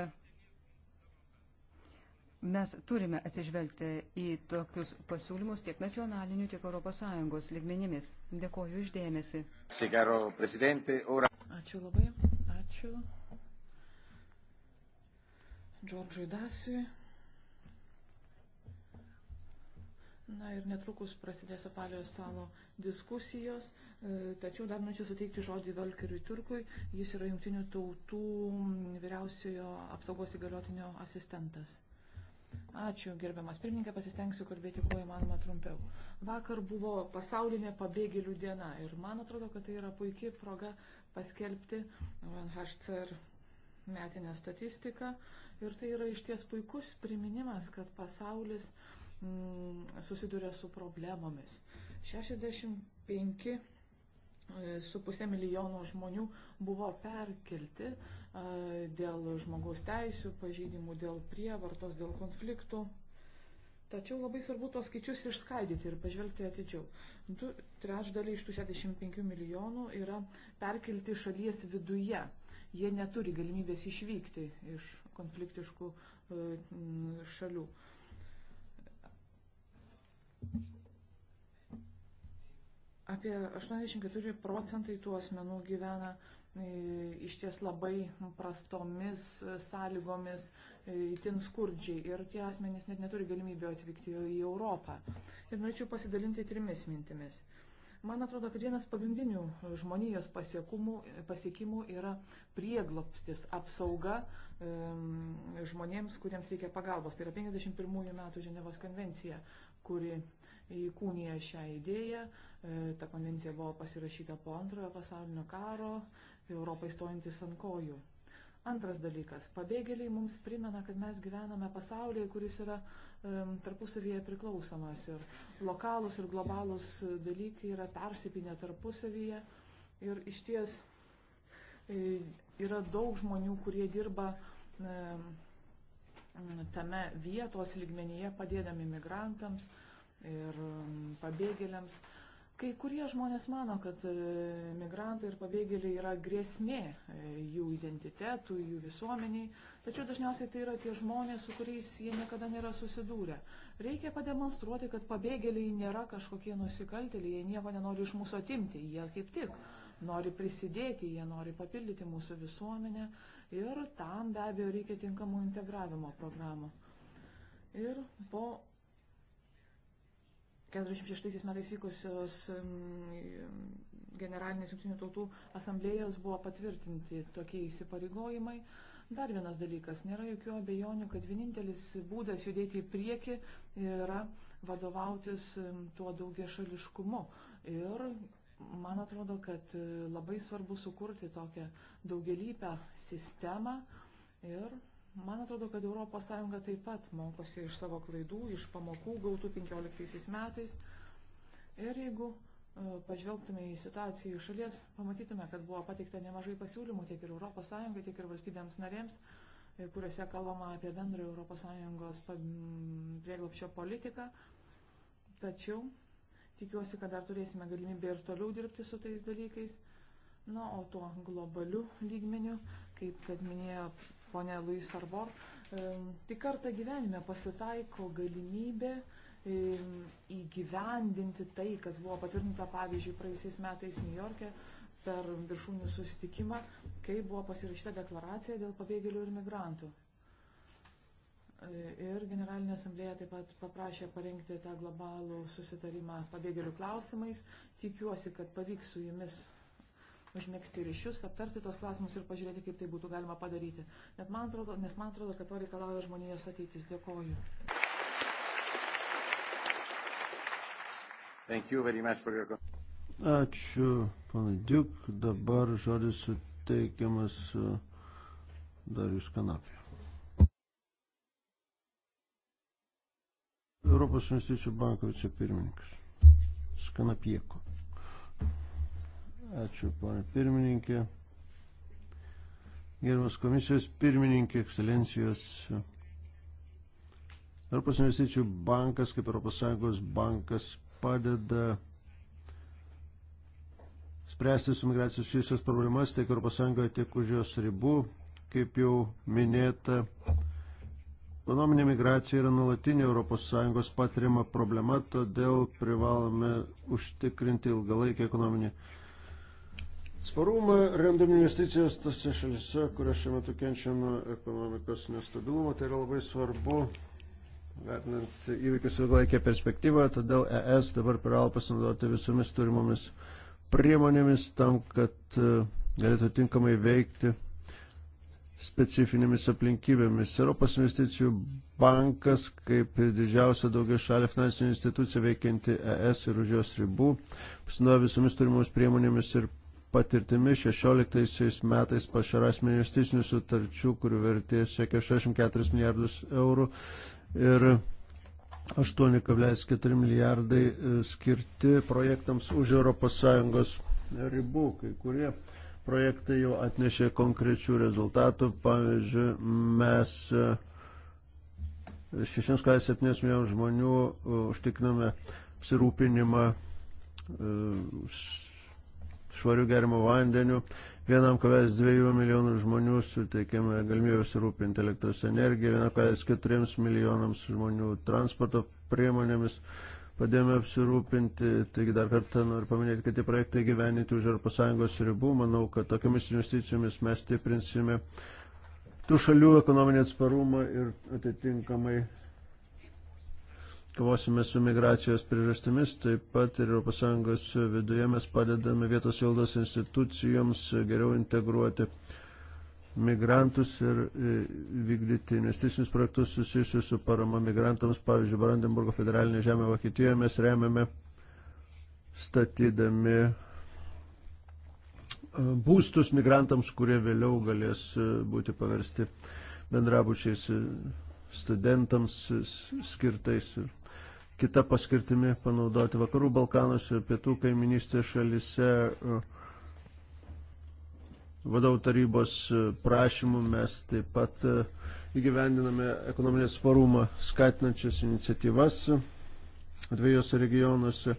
Mes turime atsižvelgti į tokius pasiūlymus tiek nacionalinių, tiek ES lygmenimis. Dėkoju išdėmesi. Ačiū labai. Ačiū. Džordžui Dasiui. Na ir netrukus prasidės apalio stalo diskusijos, e, tačiau dar norėčiau suteikti žodį Valkeriui Turkui, jis yra jungtinių tautų vyriausiojo apsaugos įgaliotinio asistentas. Ačiū, gerbiamas pirmininkė, pasistengsiu kalbėti kuo įmanoma trumpiau. Vakar buvo pasaulinė pabėgėlių diena ir man atrodo, kad tai yra puikiai proga paskelbti UNHCR metinę statistiką ir tai yra iš ties puikus priminimas, kad pasaulis mm, susiduria su problemomis. 65 e, su pusė milijono žmonių buvo perkelti dėl žmogaus teisų pažeidimų, dėl prievartos, dėl konfliktų. Tačiau labai svarbu tuos skaičius išskaidyti ir pažvelgti atidžiau. Du trečdaliai iš tų 65 milijonų yra perkelti šalies viduje. Jie neturi galimybės išvykti iš konfliktiškų e, šalių. Apie 84 procentai tų asmenų gyvena uh, E, iš ties labai prastomis sąlygomis, e, itin skurdžiai ir tie asmenys net neturi galimybę atvykti į Europą. Ir norėčiau pasidalinti trimis mintimis. Man atrodo, kad vienas pagrindinių žmonijos pasiekimų yra prieglopstis, apsauga e, žmonėms, kuriems reikia pagalbos. Tai yra 51 metų Ženevos konvencija, kuri įkūnija šią idėją. E, ta konvencija buvo pasirašyta po antrojo pasaulinio karo Europai stojantis ant kojų. Antras dalykas. Pabėgėliai mums primena, kad mes gyvename pasaulyje, kuris yra um, tarpusavyje priklausomas. Ir lokalūs ir globalūs dalykai yra persipinę tarpusavyje. Ir iš ties e, yra daug žmonių, kurie dirba um, tame vietos lygmenyje, padėdami migrantams ir um, pabėgėliams. Uh, Kai kurie žmonės mano, kad e, migrantai ir pabėgėliai yra grėsmė e, jų identitetui, jų visuomeniai, tačiau dažniausiai tai yra tie žmonės, su kuriais jie niekada nėra susidūrę. Reikia pademonstruoti, kad pabėgėliai nėra kažkokie nusikaltėliai, jie nieko nenori iš mūsų atimti, jie kaip tik nori prisidėti, jie nori papildyti mūsų visuomenę ir tam be abejo reikia tinkamų integravimo programų. Ir po 46 metais vykusios generalinės jungtinių tautų asamblėjos buvo patvirtinti tokie įsipareigojimai. Dar vienas dalykas, nėra jokių abejonių, kad vienintelis būdas judėti į priekį yra vadovautis tuo daugia šališkumu. Ir man atrodo, kad e, labai svarbu sukurti tokią daugelįpę sistemą ir Man atrodo, kad ES taip pat mokosi iš savo klaidų, iš pamokų gautų 15 metais. Ir jeigu e, pažvelgtume į situaciją iš šalies, pamatytume, kad buvo pateikta nemažai pasiūlymų tiek ir ES, tiek ir valstybėms narėms, e, kuriuose kalbama apie bendrą ES prieglopščio politiką. Tačiau tikiuosi, kad dar turėsime galimybę ir toliau dirbti su tais dalykais. Na, o tuo globaliu lygmeniu, kaip kad minėjo ponė Luis Arbor. Tik kartą gyvenime pasitaiko galimybė įgyvendinti tai, kas buvo patvirtinta, pavyzdžiui, praėjusiais metais New York'e per viršūnių susitikimą, kai buvo pasirašyta deklaracija dėl pabėgėlių ir migrantų. E, ir Generalinė asamblėja taip pat paprašė parengti tą globalų susitarimą pabėgėlių klausimais. Tikiuosi, kad pavyks su jumis užmėgsti ryšius, aptarti tos klausimus ir pažiūrėti, kaip tai būtų galima padaryti. Net man atrodo, nes man atrodo, kad to reikalauja žmonijos ateitis. Dėkoju. Your... Ačiū, panai Diuk. Dabar žodis suteikiamas e, Darius Kanapė. Europos investicijų banko vicepirmininkas Skanapieko. Ačiū, ponė pirmininkė. Gerbiamas komisijos pirmininkė, ekscelencijos. Europos investicijų bankas, kaip Europos Sąjungos bankas, padeda spręsti su migracija susijusios problemas tiek Europos Sąjungoje, tiek už jos ribų. Kaip jau minėta, Ekonominė migracija yra nuolatinė ES patiriama problema, todėl privalome užtikrinti ilgalaikį ekonominį Svarumą remdami investicijas tose šalise, kurios šiuo metu kenčia nuo ekonomikos nestabilumo, tai yra labai svarbu vertinant įvykius ilgalaikę perspektyvą, todėl ES dabar privalo pasinaudoti visomis turimomis priemonėmis tam, kad e, galėtų tinkamai veikti specifinėmis aplinkybėmis. Europos investicijų bankas, kaip didžiausia daugia šalia finansinė institucija veikianti ES ir už jos ribų, pasinaudoja visomis turimomis priemonėmis ir patirtimi 16 metais pašarasime investicinių sutarčių, kurių vertė siekia 64 milijardus eurų ir 8,4 milijardai e, skirti projektams už ES ribų, kai kurie projektai jau atnešė konkrečių rezultatų. Pavyzdžiui, mes 6,7 e, milijonų žmonių e, užtikriname apsirūpinimą švarių gerimo vandeniu. 1,2 milijonų žmonių suteikiame galimybę surūpinti elektros energiją, 1,4 milijonams žmonių transporto priemonėmis padėjome apsirūpinti. Taigi dar kartą noriu paminėti, kad tie projektai gyveninti už ES ribų. Manau, kad tokiamis investicijomis mes stiprinsime tų šalių ekonominį atsparumą ir atitinkamai kovosime su migracijos priežastimis, taip pat ir ES viduje mes padedame vietos valdos institucijoms geriau integruoti migrantus ir e, vykdyti investicinius projektus susijusius su parama migrantams. Pavyzdžiui, Brandenburgo federalinė žemė Vokietijoje mes remiame statydami e, būstus migrantams, kurie vėliau galės e, būti paversti bendrabučiais studentams skirtais ir kita paskirtimi panaudoti vakarų Balkanos ir pietų kaiminystės šalise. E, vadovų tarybos e, prašymų mes taip pat e, įgyvendiname ekonominės svarumą skatinančias iniciatyvas dviejose regionuose,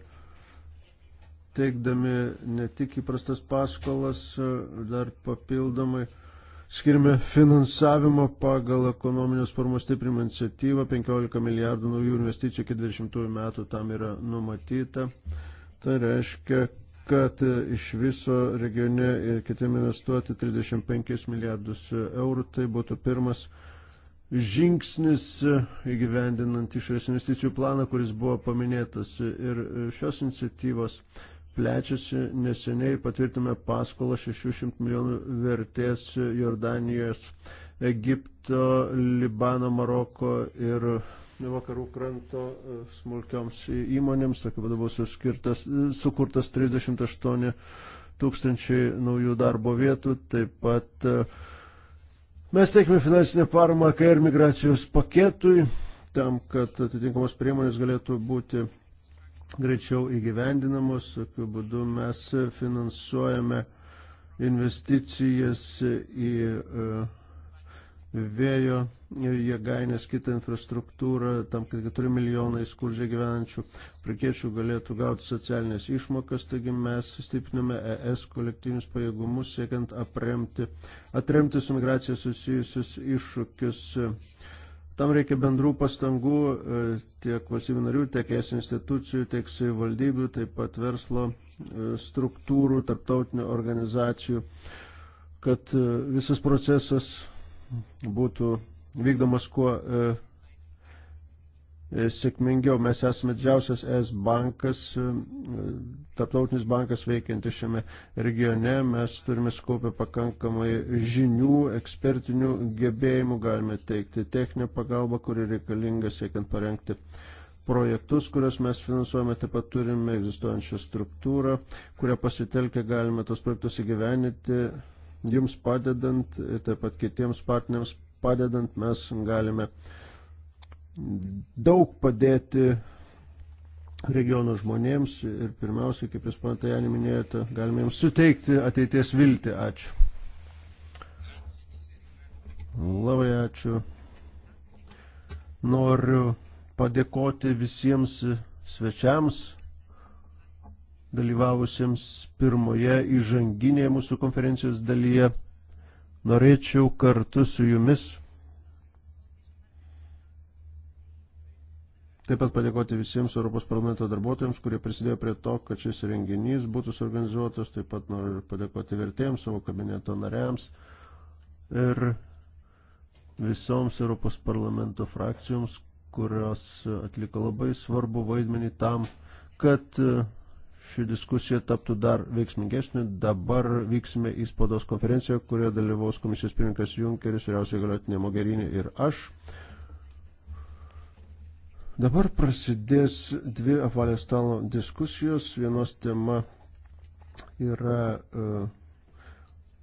teikdami ne tik įprastas paskolas, dar papildomai skirime finansavimo pagal ekonominės formos stiprinimo iniciatyvą 15 milijardų naujų investicijų iki 20 metų tam yra numatyta. Tai reiškia, kad iš viso regione ketėm investuoti 35 milijardus eurų. Tai būtų pirmas žingsnis įgyvendinant išorės investicijų planą, kuris buvo paminėtas. Ir šios iniciatyvos plečiasi. Neseniai patvirtume paskolą 600 milijonų vertės Jordanijos, Egipto, Libano, Maroko ir vakarų kranto e, smulkioms įmonėms. Tokiu būdu bus sukurtas 38 tūkstančiai naujų darbo vietų. Taip pat e, mes teikime finansinę paramą KR migracijos paketui tam, kad atitinkamos priemonės galėtų būti greičiau įgyvendinamos, tokiu būdu mes finansuojame investicijas į e, vėjo jėgainės, kitą infrastruktūrą, tam, kad 4 milijonai skurdžiai gyvenančių prikiečių galėtų gauti socialinės išmokas, taigi mes stipriname ES kolektyvinius pajėgumus, siekiant apremti, atremti su migracija susijusius iššūkius. Tam reikia bendrų pastangų e, tiek valstybių narių, tiek es institucijų, tiek savivaldybių, taip pat verslo e, struktūrų, tarptautinių organizacijų, kad e, visas procesas būtų vykdomas kuo E, sėkmingiau. Mes esame didžiausias S bankas, e, e, tarptautinis bankas veikiantis šiame regione. Mes turime skaupę pakankamai žinių, ekspertinių gebėjimų, galime teikti techninę pagalbą, kuri reikalinga siekiant parengti projektus, kuriuos mes finansuojame, taip pat turime egzistuojančią struktūrą, kurią pasitelkę galime tos projektus įgyveninti, jums padedant ir taip pat kitiems partneriams padedant mes galime uh, daug padėti regionų žmonėms ir pirmiausia, kaip jūs pantajanį minėjote, galime jiems suteikti ateities viltį. Ačiū. Labai ačiū. Noriu padėkoti visiems svečiams, dalyvavusiems pirmoje įžanginėje mūsų konferencijos dalyje. Norėčiau kartu su jumis Taip pat padėkoti visiems Europos parlamento darbuotojams, kurie prisidėjo prie to, kad šis renginys būtų suorganizuotas. Taip pat noriu padėkoti vertėjams, savo kabineto nariams ir visoms Europos parlamento frakcijoms, kurios atliko labai svarbu vaidmenį tam, kad e, ši diskusija taptų dar veiksmingesnė. Dabar vyksime į spaudos konferenciją, kurioje dalyvaus komisijos pirmininkas Junkeris, vyriausiai galiotinė Mogherini ir aš. Dabar prasidės dvi apvalės stalo diskusijos. Vienos tema yra e,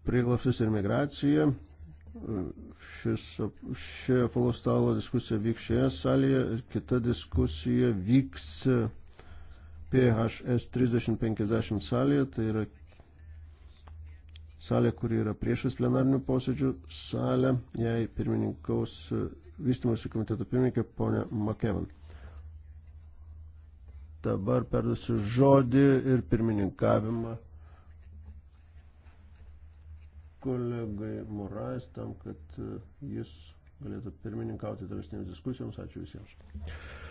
prieglapsis ir migracija. Šis, ši apvalės stalo diskusija vyks šioje salėje ir kita diskusija vyks PHS 3050 salėje. Tai yra salė, kuri yra priešas plenarnių posėdžių salė, jai pirmininkaus vystimosi komiteto pirmininkė ponė Makevan. Dabar perdusiu žodį ir pirmininkavimą kolegai Morais tam, kad e, jis galėtų pirmininkauti tolesnėms diskusijoms. Ačiū visiems.